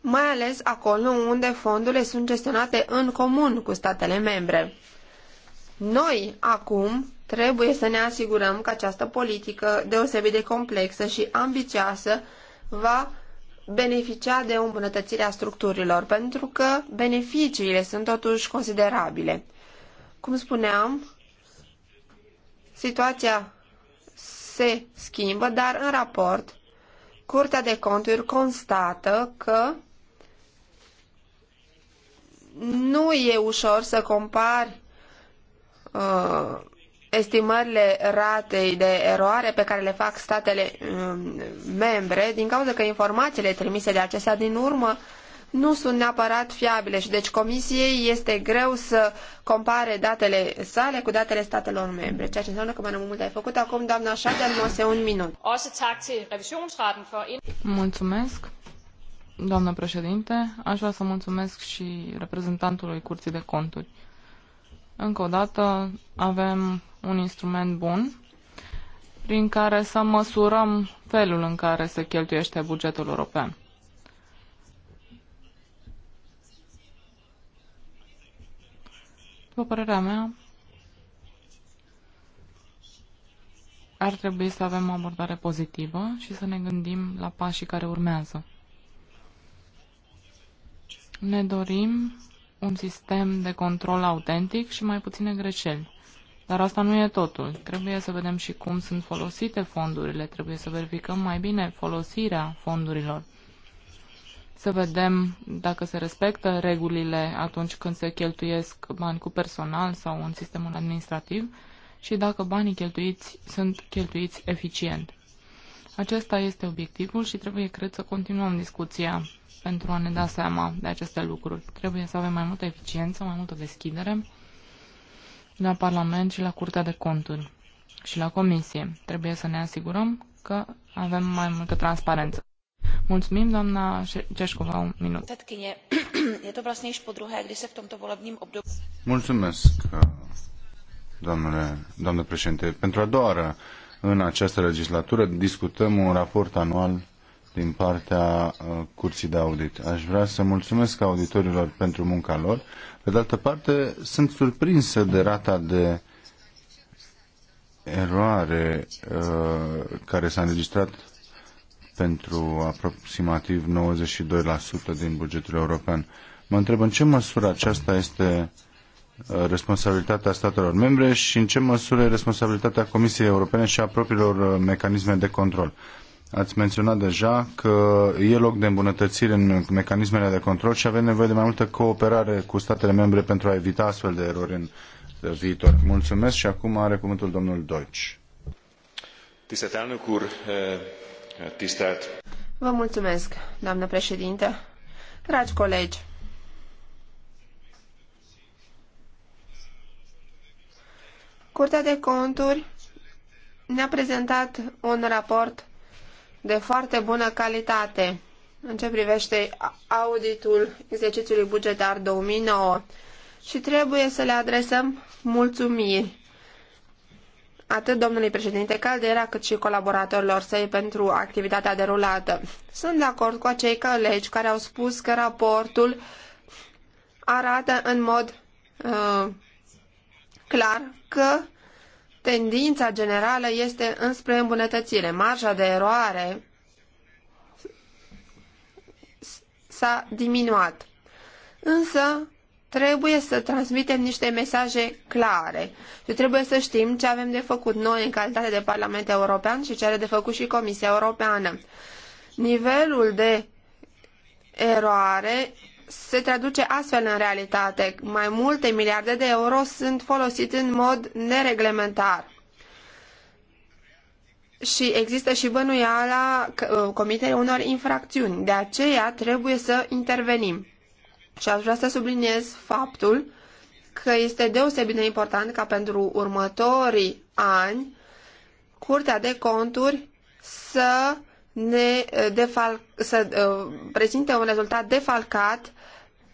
mai ales acolo unde fondurile sunt gestionate în comun cu statele membre. Noi, acum, trebuie să ne asigurăm că această politică deosebit de complexă și ambicioasă va beneficia de o îmbunătățire a structurilor, pentru că beneficiile sunt totuși considerabile. Cum spuneam, situația se schimbă, dar în raport, Curtea de Conturi constată că nu e ușor să compari Uh, estimările ratei de eroare pe care le fac statele um, membre din cauza că informațiile trimise de acestea din urmă nu sunt neapărat fiabile și deci comisiei este greu să compare datele sale cu datele statelor membre, ceea ce înseamnă că mai am mult de făcut. Acum, doamna Șadea, mose un minut. Mulțumesc, doamnă președinte. Aș vrea să mulțumesc și reprezentantului Curții de Conturi. Încă o dată avem un instrument bun prin care să măsurăm felul în care se cheltuiește bugetul european. După părerea mea, ar trebui să avem o abordare pozitivă și să ne gândim la pașii care urmează. Ne dorim un sistem de control autentic și mai puține greșeli. Dar asta nu e totul. Trebuie să vedem și cum sunt folosite fondurile, trebuie să verificăm mai bine folosirea fondurilor. Să vedem dacă se respectă regulile atunci când se cheltuiesc bani cu personal sau în sistemul administrativ și dacă banii cheltuiți sunt cheltuiți eficient. Acesta este obiectivul și trebuie, cred, să continuăm discuția pentru a ne da seama de aceste lucruri. Trebuie să avem mai multă eficiență, mai multă deschidere la Parlament și la Curtea de Conturi și la Comisie. Trebuie să ne asigurăm că avem mai multă transparență. Mulțumim, doamna Ceșcova, un minut. Mulțumesc, domnule, președinte. Pentru a doua oară în această legislatură discutăm un raport anual din partea uh, Curții de Audit. Aș vrea să mulțumesc auditorilor pentru munca lor. Pe de altă parte, sunt surprinsă de rata de eroare uh, care s-a înregistrat pentru aproximativ 92% din bugetul european. Mă întreb în ce măsură aceasta este responsabilitatea statelor membre și în ce măsură e responsabilitatea Comisiei Europene și a propriilor uh, mecanisme de control. Ați menționat deja că e loc de îmbunătățire în mecanismele de control și avem nevoie de mai multă cooperare cu statele membre pentru a evita astfel de erori în uh, viitor. Mulțumesc și acum are cuvântul domnul Deutsch. Uh, Vă mulțumesc, doamnă președinte. Dragi colegi, Curtea de Conturi ne-a prezentat un raport de foarte bună calitate în ce privește auditul exercițiului bugetar 2009 și trebuie să le adresăm mulțumiri atât domnului președinte Caldera cât și colaboratorilor săi pentru activitatea derulată. Sunt de acord cu acei colegi care au spus că raportul arată în mod uh, clar că tendința generală este înspre îmbunătățire. Marja de eroare s-a diminuat. Însă, trebuie să transmitem niște mesaje clare și trebuie să știm ce avem de făcut noi în calitate de Parlament European și ce are de făcut și Comisia Europeană. Nivelul de eroare se traduce astfel în realitate. Mai multe miliarde de euro sunt folosite în mod nereglementar. Și există și bănuiala uh, comiterea unor infracțiuni. De aceea trebuie să intervenim. Și aș vrea să subliniez faptul că este deosebit de important ca pentru următorii ani Curtea de Conturi să ne uh, defal- să uh, prezinte un rezultat defalcat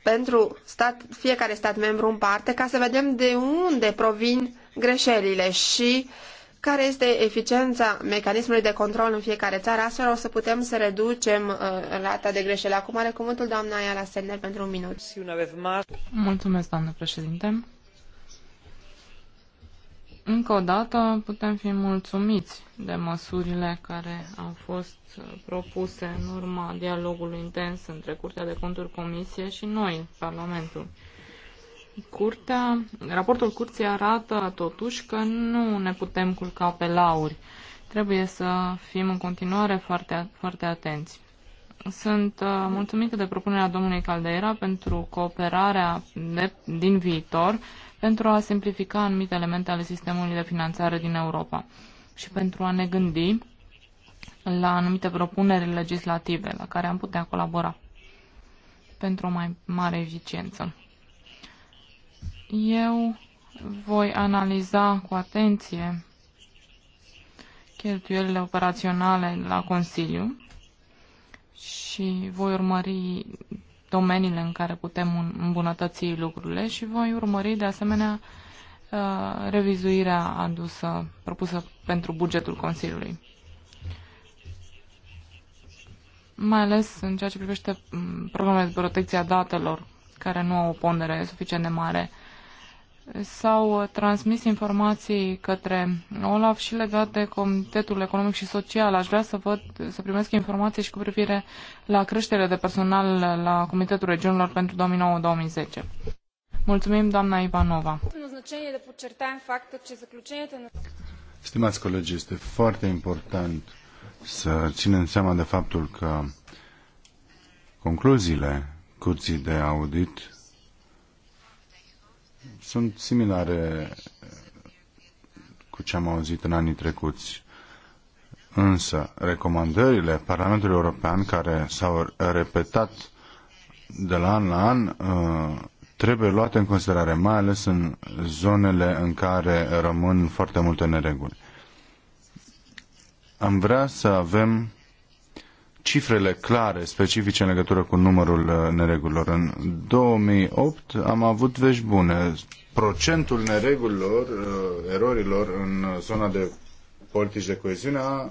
pentru stat, fiecare stat membru în parte ca să vedem de unde provin greșelile și care este eficiența mecanismului de control în fiecare țară. Astfel o să putem să reducem uh, rata de greșeli. Acum are cuvântul doamna Ayala Sender pentru un minut. Mulțumesc, doamnă președinte încă o dată putem fi mulțumiți de măsurile care au fost propuse în urma dialogului intens între Curtea de Conturi Comisie și noi, Parlamentul. Curtea, raportul curții arată totuși că nu ne putem culca pe lauri. Trebuie să fim în continuare foarte, foarte atenți. Sunt uh, mulțumită de propunerea domnului Caldeira pentru cooperarea de, din viitor pentru a simplifica anumite elemente ale sistemului de finanțare din Europa și pentru a ne gândi la anumite propuneri legislative la care am putea colabora pentru o mai mare eficiență. Eu voi analiza cu atenție cheltuielile operaționale la Consiliu și voi urmări domeniile în care putem îmbunătăți lucrurile și voi urmări de asemenea uh, revizuirea adusă, propusă pentru bugetul Consiliului. Mai ales în ceea ce privește mm, problemele de protecția datelor, care nu au o pondere suficient de mare s-au uh, transmis informații către OLAF și legate de Comitetul Economic și Social. Aș vrea să văd, să primesc informații și cu privire la creșterea de personal la Comitetul Regiunilor pentru 2009-2010. Mulțumim, doamna Ivanova. Stimați colegi, este foarte important să ținem seama de faptul că concluziile Curții de Audit sunt similare eh, cu ce am auzit în anii trecuți. Însă, recomandările Parlamentului European, care s-au repetat de la an la an, eh, trebuie luate în considerare, mai ales în zonele în care rămân foarte multe nereguli. Am vrea să avem cifrele clare, specifice în legătură cu numărul uh, neregulilor. În 2008 am avut vești bune. Procentul neregulilor, uh, erorilor în uh, zona de politici de coeziune a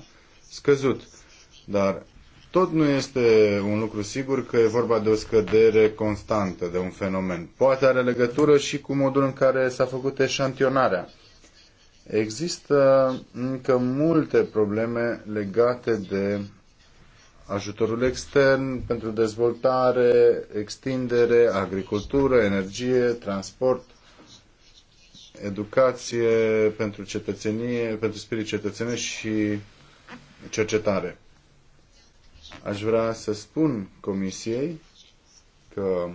scăzut. Dar tot nu este un lucru sigur că e vorba de o scădere constantă, de un fenomen. Poate are legătură și cu modul în care s-a făcut eșantionarea. Există încă multe probleme legate de ajutorul extern pentru dezvoltare, extindere, agricultură, energie, transport, educație pentru cetățenie, pentru spirit cetățenie și cercetare. Aș vrea să spun Comisiei că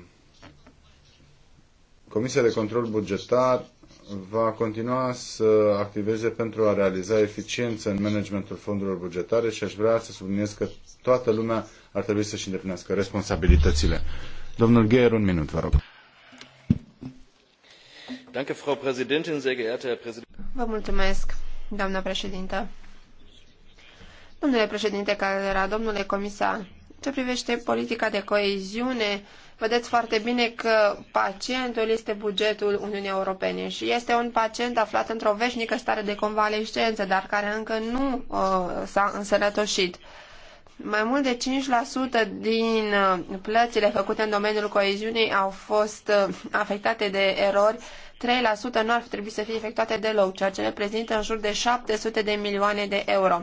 Comisia de Control Bugetar va continua să activeze pentru a realiza eficiență în managementul fondurilor bugetare și aș vrea să subliniez că toată lumea ar trebui să-și îndeplinească responsabilitățile. Domnul Gheer, un minut, vă rog. Vă mulțumesc, doamna președintă. Domnule președinte Calera, domnule comisar, ce privește politica de coeziune, vedeți foarte bine că pacientul este bugetul Uniunii Europene și este un pacient aflat într-o veșnică stare de convalescență, dar care încă nu uh, s-a însănătoșit. Mai mult de 5% din uh, plățile făcute în domeniul coeziunii au fost uh, afectate de erori, 3% nu ar trebui să fie efectuate deloc, ceea ce reprezintă în jur de 700 de milioane de euro.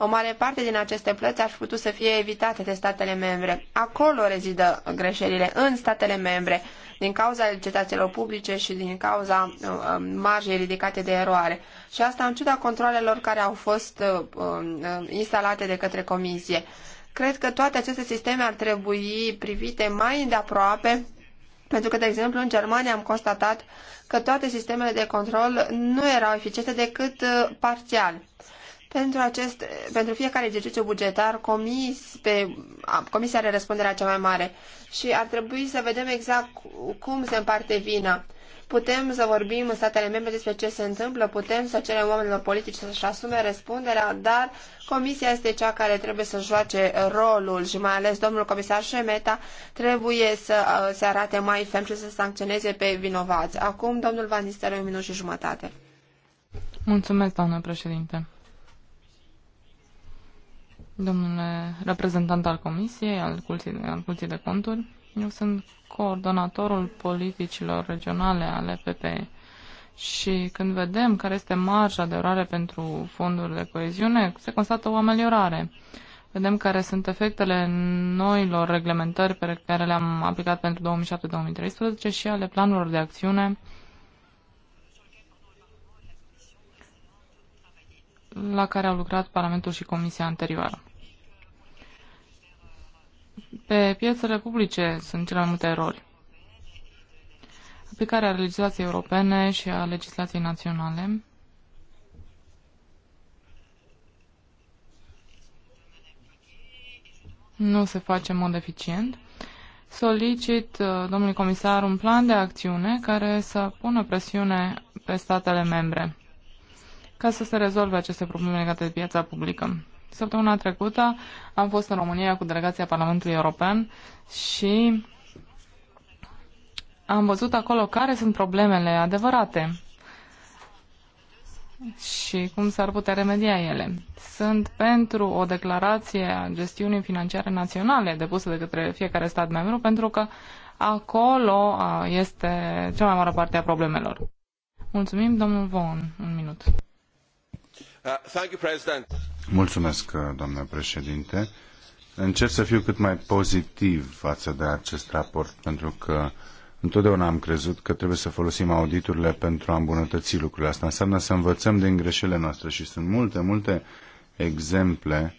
O mare parte din aceste plăți ar fi putut să fie evitate de statele membre. Acolo rezidă greșelile, în statele membre, din cauza licitațiilor publice și din cauza uh, um, marjei ridicate de eroare. Și asta în ciuda controlelor care au fost uh, uh, instalate de către comisie. Cred că toate aceste sisteme ar trebui privite mai îndeaproape pentru că, de exemplu, în Germania am constatat că toate sistemele de control nu erau eficiente decât uh, parțial. Pentru, acest, pentru fiecare exercițiu bugetar, comis, pe, comisia are răspunderea cea mai mare și ar trebui să vedem exact cum se împarte vina. Putem să vorbim în statele membre despre ce se întâmplă, putem să cerem oamenilor politici să-și asume răspunderea, dar comisia este cea care trebuie să joace rolul și mai ales domnul comisar Șemeta trebuie să se arate mai ferm și să sancționeze pe vinovați. Acum, domnul Van Nistelrooy, un minut și jumătate. Mulțumesc, doamnă președinte domnule reprezentant al Comisiei, al Curții, al Curții de Conturi. Eu sunt coordonatorul politicilor regionale ale PPE. Și când vedem care este marja de orare pentru fonduri de coeziune, se constată o ameliorare. Vedem care sunt efectele noilor reglementări pe care le-am aplicat pentru 2007-2013 și ale planurilor de acțiune la care au lucrat Parlamentul și Comisia anterioară. Pe piețele publice sunt cele mai multe erori. Aplicarea legislației europene și a legislației naționale. Nu se face în mod eficient. Solicit uh, domnului comisar un plan de acțiune care să pună presiune pe statele membre ca să se rezolve aceste probleme legate de piața publică. Săptămâna trecută am fost în România cu delegația Parlamentului European și am văzut acolo care sunt problemele adevărate și cum s-ar putea remedia ele. Sunt pentru o declarație a gestiunii financiare naționale depusă de către fiecare stat membru, pentru că acolo este cea mai mare parte a problemelor. Mulțumim, domnul Vaughan. Un minut. Uh, Mulțumesc, uh, domnule președinte. Încerc să fiu cât mai pozitiv față de acest raport, pentru că întotdeauna am crezut că trebuie să folosim auditurile pentru a îmbunătăți lucrurile. Asta înseamnă să învățăm din greșelile noastre și sunt multe, multe exemple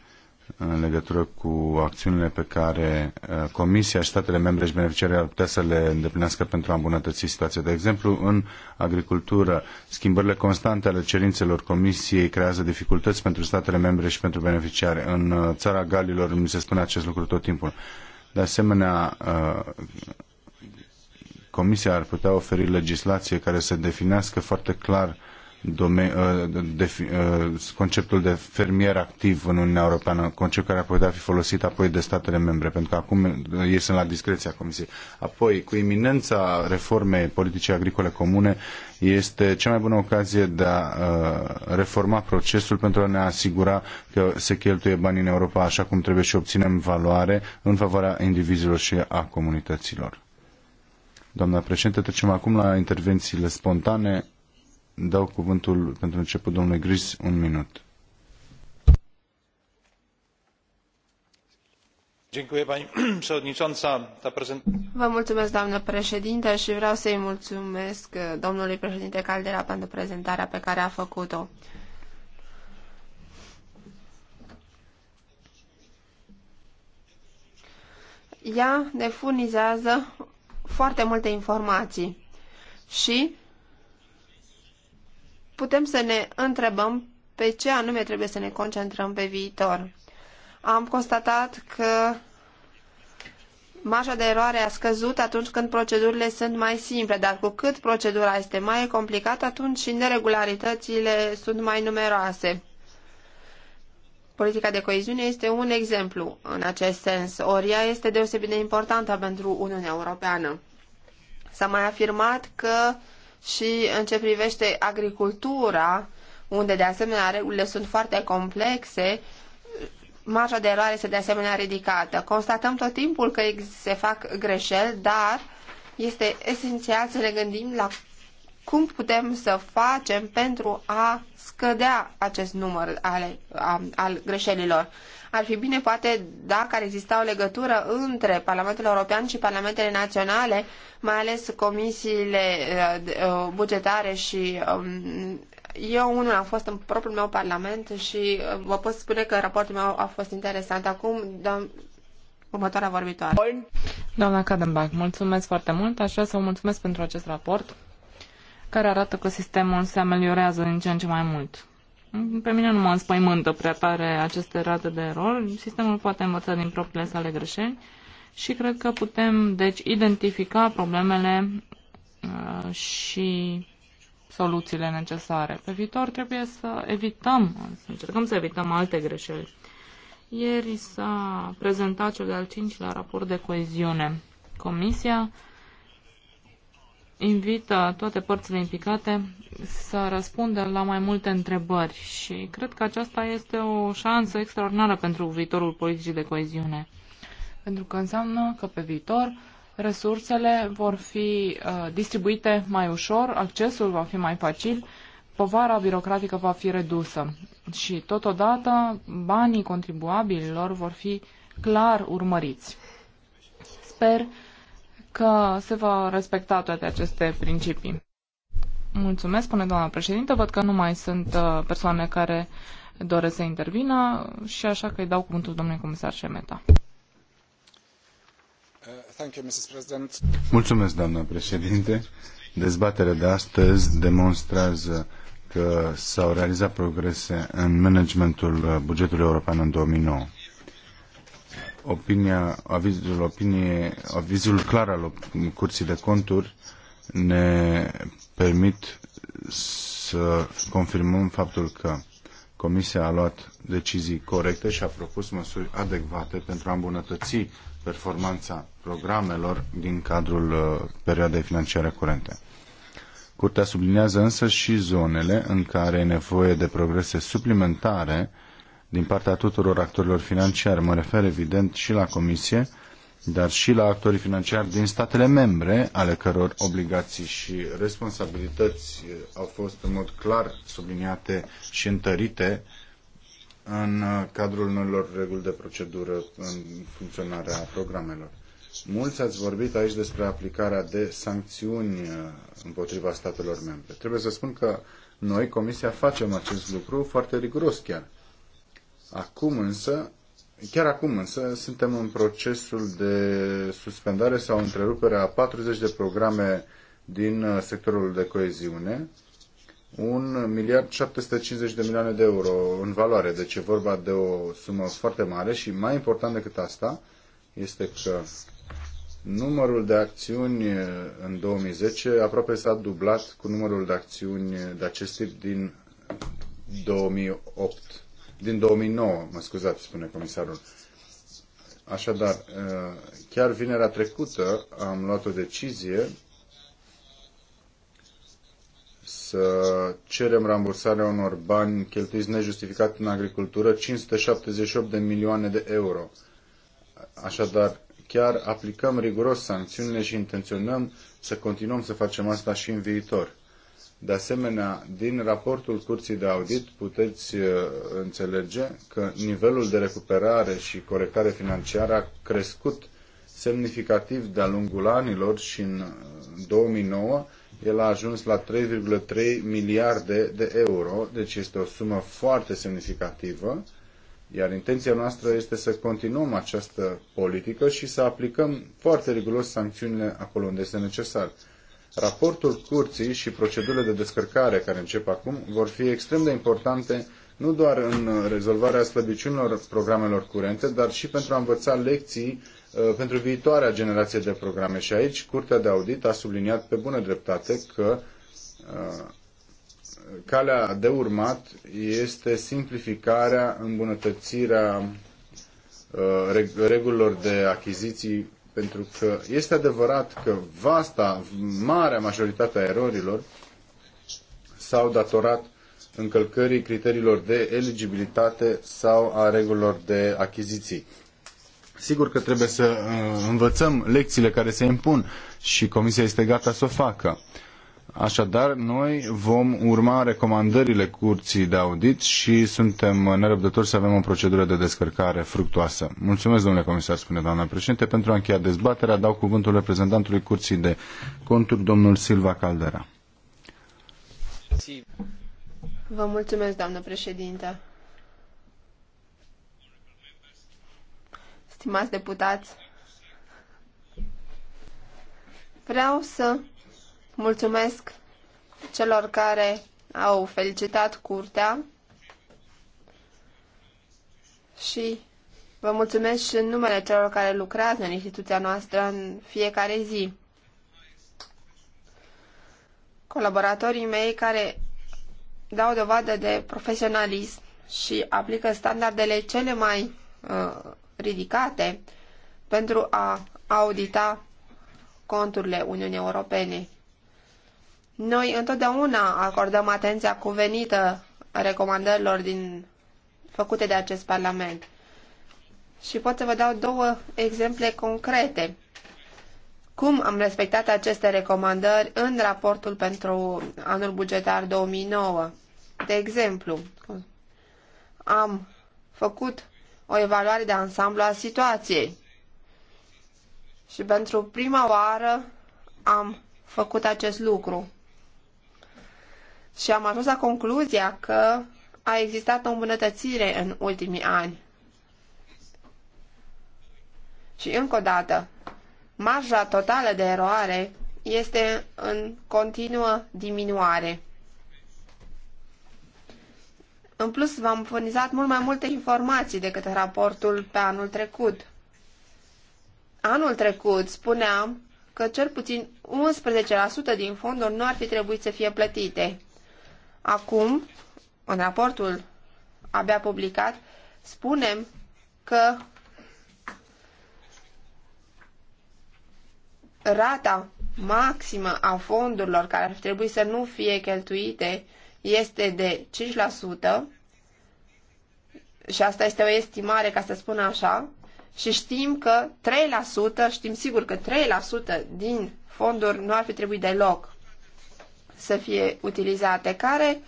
în legătură cu acțiunile pe care uh, Comisia și statele membre și beneficiarii ar putea să le îndeplinească pentru a îmbunătăți situația. De exemplu, în agricultură, schimbările constante ale cerințelor Comisiei creează dificultăți pentru statele membre și pentru beneficiari. În uh, țara Galilor mi se spune acest lucru tot timpul. De asemenea, uh, Comisia ar putea oferi legislație care să definească foarte clar Uh, uh, conceptul de fermier activ în Uniunea Europeană, concept care ar putea fi folosit apoi de statele membre, pentru că acum uh, ei sunt la discreția Comisiei. Apoi, cu iminența reformei politicii agricole comune, este cea mai bună ocazie de a reforma procesul pentru a ne asigura că se cheltuie banii în Europa așa cum trebuie și obținem valoare în favoarea indivizilor și a comunităților. Doamna președinte, trecem acum la intervențiile spontane dau cuvântul pentru început domnului Gris, un minut. Vă mulțumesc, doamnă președinte, și vreau să-i mulțumesc domnului președinte Caldera pentru prezentarea pe care a făcut-o. Ea ne furnizează foarte multe informații și putem să ne întrebăm pe ce anume trebuie să ne concentrăm pe viitor. Am constatat că marja de eroare a scăzut atunci când procedurile sunt mai simple, dar cu cât procedura este mai complicată, atunci și neregularitățile sunt mai numeroase. Politica de coeziune este un exemplu în acest sens, ori ea este deosebit de importantă pentru Uniunea Europeană. S-a mai afirmat că și în ce privește agricultura, unde de asemenea regulile sunt foarte complexe, marja de eroare este de asemenea ridicată. Constatăm tot timpul că se fac greșeli, dar este esențial să ne gândim la cum putem să facem pentru a scădea acest număr ale, a, al greșelilor. Ar fi bine poate dacă ar exista o legătură între Parlamentul European și Parlamentele Naționale, mai ales comisiile uh, uh, bugetare și um, eu unul am fost în propriul meu parlament și uh, vă pot spune că raportul meu a fost interesant. Acum, următoarea vorbitoare. Doamna Kadenbach, mulțumesc foarte mult. Aș vrea să vă mulțumesc pentru acest raport care arată că sistemul se ameliorează din ce în ce mai mult. Pe mine nu mă înspăimântă prea tare aceste rate de erori. Sistemul poate învăța din propriile sale greșeli și cred că putem, deci, identifica problemele uh, și soluțiile necesare. Pe viitor trebuie să evităm, să încercăm să evităm alte greșeli. Ieri s-a prezentat cel de-al cincilea raport de coeziune. Comisia invită toate părțile implicate să răspundă la mai multe întrebări și cred că aceasta este o șansă extraordinară pentru viitorul politicii de coeziune. Pentru că înseamnă că pe viitor resursele vor fi uh, distribuite mai ușor, accesul va fi mai facil, povara birocratică va fi redusă și totodată banii contribuabililor vor fi clar urmăriți. Sper că se va respecta toate aceste principii. Mulțumesc, spune doamna președintă. Văd că nu mai sunt uh, persoane care doresc să intervină și așa că îi dau cuvântul domnului comisar Șemeta. Uh, Mulțumesc, doamna președinte. Dezbaterea de astăzi demonstrează că s-au realizat progrese în managementul uh, bugetului european în 2009 opinia, avizul, opinie, avizul clar al Curții de Conturi ne permit să confirmăm faptul că Comisia a luat decizii corecte și a propus măsuri adecvate pentru a îmbunătăți performanța programelor din cadrul uh, perioadei financiare curente. Curtea subliniază însă și zonele în care e nevoie de progrese suplimentare din partea tuturor actorilor financiari. Mă refer evident și la Comisie, dar și la actorii financiari din statele membre, ale căror obligații și responsabilități eh, au fost în mod clar subliniate și întărite în eh, cadrul noilor reguli de procedură în funcționarea programelor. Mulți ați vorbit aici despre aplicarea de sancțiuni eh, împotriva statelor membre. Trebuie să spun că noi, Comisia, facem acest lucru foarte riguros chiar. Acum însă, chiar acum însă, suntem în procesul de suspendare sau întrerupere a 40 de programe din uh, sectorul de coeziune, un miliard 750 de milioane de euro în valoare. Deci e vorba de o sumă foarte mare și mai important decât asta este că numărul de acțiuni uh, în 2010 aproape s-a dublat cu numărul de acțiuni de acest tip din 2008 din 2009, mă scuzați, spune comisarul. Așadar, chiar vinerea trecută am luat o decizie să cerem rambursarea unor bani cheltuiți nejustificat în agricultură, 578 de milioane de euro. Așadar, chiar aplicăm riguros sancțiunile și intenționăm să continuăm să facem asta și în viitor. De asemenea, din raportul Curții de Audit puteți uh, înțelege că nivelul de recuperare și corectare financiară a crescut semnificativ de-a lungul anilor și în 2009 uh, el a ajuns la 3,3 miliarde de euro, deci este o sumă foarte semnificativă, iar intenția noastră este să continuăm această politică și să aplicăm foarte riguros sancțiunile acolo unde este necesar. Raportul curții și procedurile de descărcare care încep acum vor fi extrem de importante nu doar în rezolvarea slăbiciunilor programelor curente, dar și pentru a învăța lecții uh, pentru viitoarea generație de programe. Și aici Curtea de Audit a subliniat pe bună dreptate că uh, calea de urmat este simplificarea, îmbunătățirea uh, regulilor de achiziții pentru că este adevărat că vasta, marea majoritate a erorilor s-au datorat încălcării criteriilor de eligibilitate sau a regulilor de achiziții. Sigur că trebuie să uh, învățăm lecțiile care se impun și Comisia este gata să o facă. Așadar, noi vom urma recomandările curții de audit și suntem nerăbdători să avem o procedură de descărcare fructoasă. Mulțumesc, domnule comisar, spune doamna președinte. Pentru a încheia dezbaterea, dau cuvântul reprezentantului curții de conturi, domnul Silva Caldera. Vă mulțumesc, doamnă președinte. Stimați deputați, vreau să Mulțumesc celor care au felicitat curtea și vă mulțumesc și în numele celor care lucrează în instituția noastră în fiecare zi. Colaboratorii mei care dau dovadă de profesionalism și aplică standardele cele mai uh, ridicate pentru a audita conturile Uniunii Europene. Noi întotdeauna acordăm atenția cuvenită recomandărilor din, făcute de acest Parlament. Și pot să vă dau două exemple concrete. Cum am respectat aceste recomandări în raportul pentru anul bugetar 2009? De exemplu, am făcut o evaluare de ansamblu a situației și pentru prima oară am făcut acest lucru și am ajuns la concluzia că a existat o îmbunătățire în ultimii ani. Și încă o dată, marja totală de eroare este în continuă diminuare. În plus, v-am furnizat mult mai multe informații decât raportul pe anul trecut. Anul trecut spuneam că cel puțin 11% din fonduri nu ar fi trebuit să fie plătite. Acum, în raportul abia publicat, spunem că rata maximă a fondurilor care ar trebui să nu fie cheltuite este de 5% și asta este o estimare, ca să spun așa, și știm că 3%, știm sigur că 3% din fonduri nu ar fi trebuit deloc să fie utilizate. Care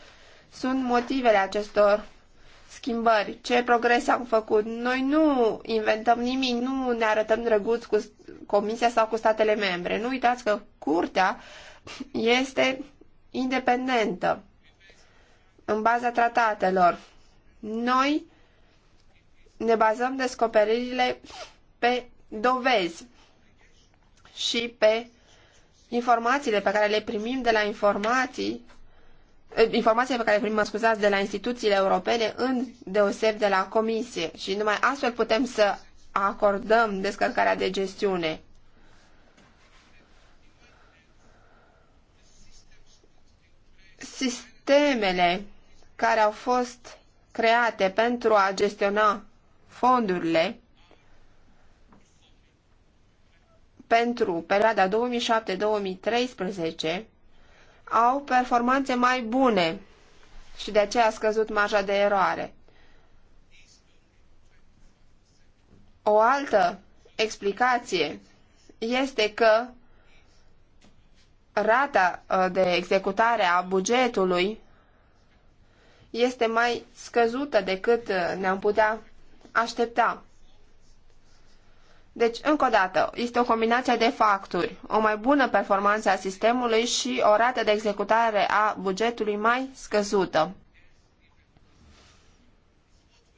sunt motivele acestor schimbări? Ce progrese am făcut? Noi nu inventăm nimic, nu ne arătăm drăguți cu Comisia sau cu statele membre. Nu uitați că Curtea este independentă în baza tratatelor. Noi ne bazăm descoperirile pe dovezi și pe informațiile pe care le primim de la informații, eh, informațiile pe care le primim, mă scuzați, de la instituțiile europene, în deoseb de la comisie. Și numai astfel putem să acordăm descărcarea de gestiune. Sistemele care au fost create pentru a gestiona fondurile pentru perioada 2007-2013 au performanțe mai bune și de aceea a scăzut marja de eroare. O altă explicație este că rata ă, de executare a bugetului este mai scăzută decât ă, ne-am putea aștepta. Deci, încă o dată, este o combinație de factori, o mai bună performanță a sistemului și o rată de executare a bugetului mai scăzută.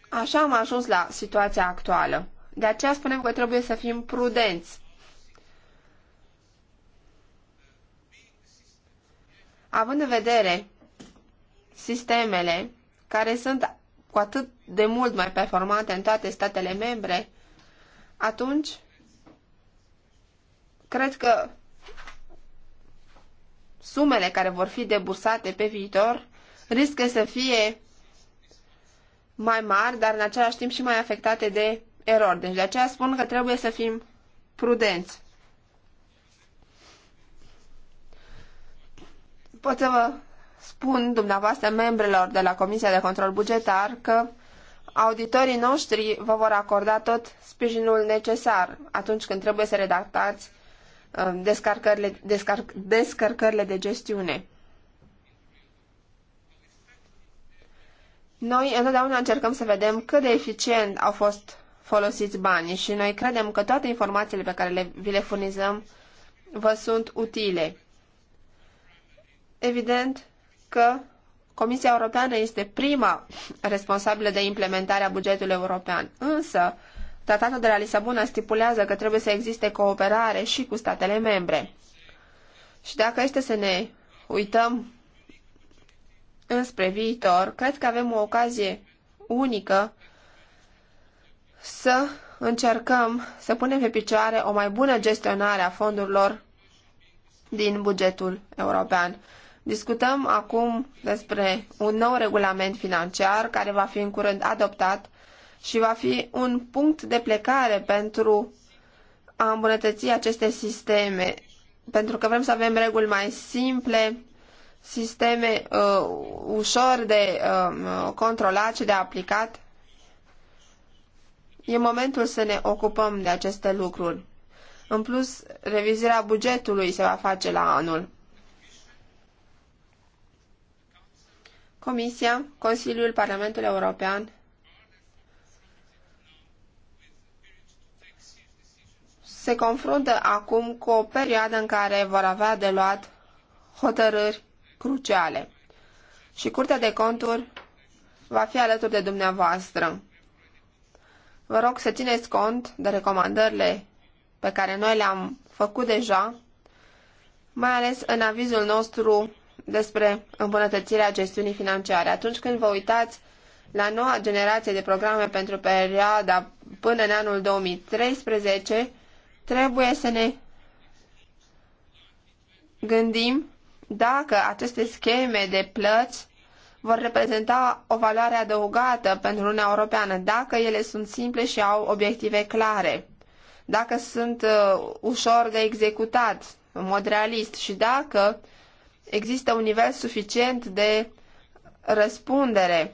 Așa am ajuns la situația actuală. De aceea spunem că trebuie să fim prudenți. Având în vedere sistemele care sunt cu atât de mult mai performante în toate statele membre, atunci cred că sumele care vor fi debursate pe viitor riscă să fie mai mari, dar în același timp și mai afectate de erori. Deci de aceea spun că trebuie să fim prudenți. Pot să vă spun dumneavoastră membrelor de la Comisia de Control Bugetar că auditorii noștri vă vor acorda tot sprijinul necesar atunci când trebuie să redactați uh, descărcările, descărcările de gestiune. Noi întotdeauna încercăm să vedem cât de eficient au fost folosiți banii și noi credem că toate informațiile pe care le, vi le furnizăm vă sunt utile. Evident că Comisia Europeană este prima responsabilă de implementarea bugetului european, însă tratatul de la Lisabona stipulează că trebuie să existe cooperare și cu statele membre. Și dacă este să ne uităm înspre viitor, cred că avem o ocazie unică să încercăm să punem pe picioare o mai bună gestionare a fondurilor din bugetul european. Discutăm acum despre un nou regulament financiar care va fi în curând adoptat și va fi un punct de plecare pentru a îmbunătăți aceste sisteme, pentru că vrem să avem reguli mai simple, sisteme uh, ușor de uh, controlat și de aplicat. E momentul să ne ocupăm de aceste lucruri. În plus, revizirea bugetului se va face la anul. Comisia, Consiliul, Parlamentul European se confruntă acum cu o perioadă în care vor avea de luat hotărâri cruciale. Și Curtea de Conturi va fi alături de dumneavoastră. Vă rog să țineți cont de recomandările pe care noi le-am făcut deja, mai ales în avizul nostru despre îmbunătățirea gestiunii financiare. Atunci când vă uitați la noua generație de programe pentru perioada până în anul 2013, trebuie să ne gândim dacă aceste scheme de plăți vor reprezenta o valoare adăugată pentru Uniunea Europeană, dacă ele sunt simple și au obiective clare, dacă sunt uh, ușor de executat în mod realist și dacă există un nivel suficient de răspundere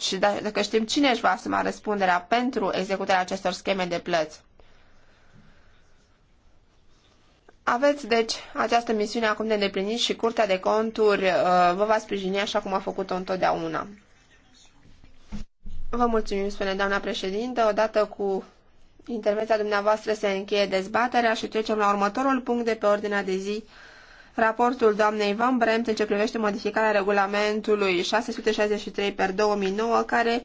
și da, dacă știm cine își va asuma răspunderea pentru executarea acestor scheme de plăți. Aveți, deci, această misiune acum de îndeplinit și Curtea de Conturi uh, vă va sprijini așa cum a făcut-o întotdeauna. Vă mulțumim, spune doamna președintă. Odată cu intervenția dumneavoastră se încheie dezbaterea și trecem la următorul punct de pe ordinea de zi, raportul doamnei Van Bremt în ce privește modificarea regulamentului 663 2009, care